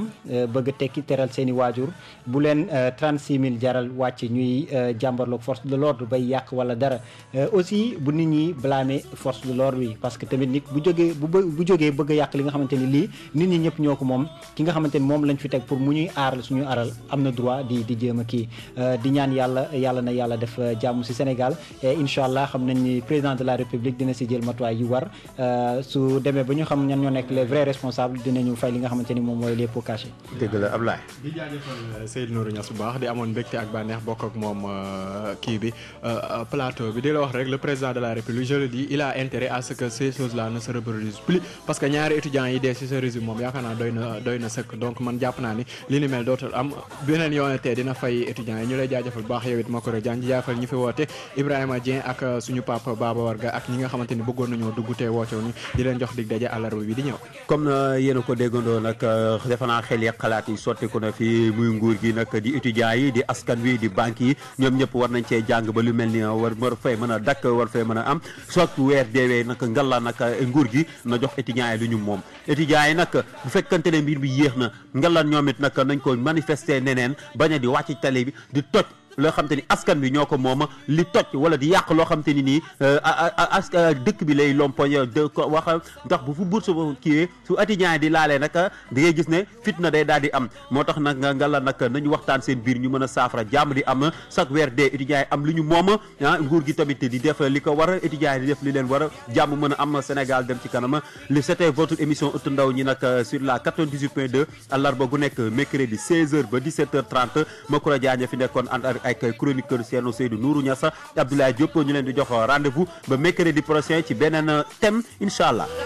bëgg tekki jaral seen i waajur bu leen 36000 euh, jaral wàcc ñuy euh, jàmbarloog force de l'ordre bay yàq wala dara euh, aussi bu nit ñi blâmer force de l'ordre bi parce que tamit nit bu jógee bu bu jógee bëgg yàq li nga xamante ni lii nit ñi ñëpp ñoo ko moom ki nga xamante ni moom lañ fi teg pour mu ñuy aar suñu aral am na droit di di jéem a kii di ñaan yàlla yàlla na yàlla def jàmm si Sénégal et incha allah xam nañ ni président de la république dina si jël matuwaay yu war su demee ba ñu xam ñan ñoo nekk les vrais responsables dinañu fay li nga xamante ni moom mooy les pots di jaajëfal euh, Seydou Nourou Niass baax di amoon mbégte ak bànneex bokk moom euh, kii euh, plateau bi di la wax rek le président de la république je le dis il a intérêt à ce que ces choses là ne se reproduisent plus parce que ñaari étudiants yi dee si moom yaakaar doy na doy sëkk donc man jàpp naa ni li ni am beneen yoon dina fay étudiants yi ñu lay jaajëfal bu baax yow it Makoro Diagne jaajëfal ñu fi woote Ibrahima Dieng ak suñu papa Baba Warga ak ñi nga xamante sukkandiku na fi muy nguur gi nag di étudiants yi di askan wi di banques yi ñoom ñëpp war nañ cee jàng ba lu mel ni war war fay mën a dakk war fay mën a am soit weer deewee nag ngalla nag nguur gi na jox étudiants yi lu ñu moom étudiants yi nag bu fekkante ne mbir bi yéex na ngalla ñoom it nañ ko manifeste neneen bañ a di wàcc tale bi di toj lo xam askan bi ñoko mom li toj wala di yàq lo xam ni nii euh, euh, dekk bi lay lompoñ euh, de wax ndax bu fu bourse kiiwee su étudiant di lalé nak di ngay gis né fitna day daldi am motax nak nga la nak nañu waxtaan seen bir ñu mëna a jamm jàmm di am chaque wer dee étudiant am li ñu moom ah, nguur gi tamit di def liko ko war étudiant di def li leen war jamm mëna am Sénégal dem ci kanam li c'était votre émission ëttu ndaw ñi nak sur la 98.2 àllarba gu nek mercredi 16h ba 17h30 Makura Diagne fi nekkoon ànd ak ak chroniqueur Seydou Nourou Niass Abdoulaye Diop ñu leen di jox rendez-vous ba mercredi prochain ci benen thème inshallah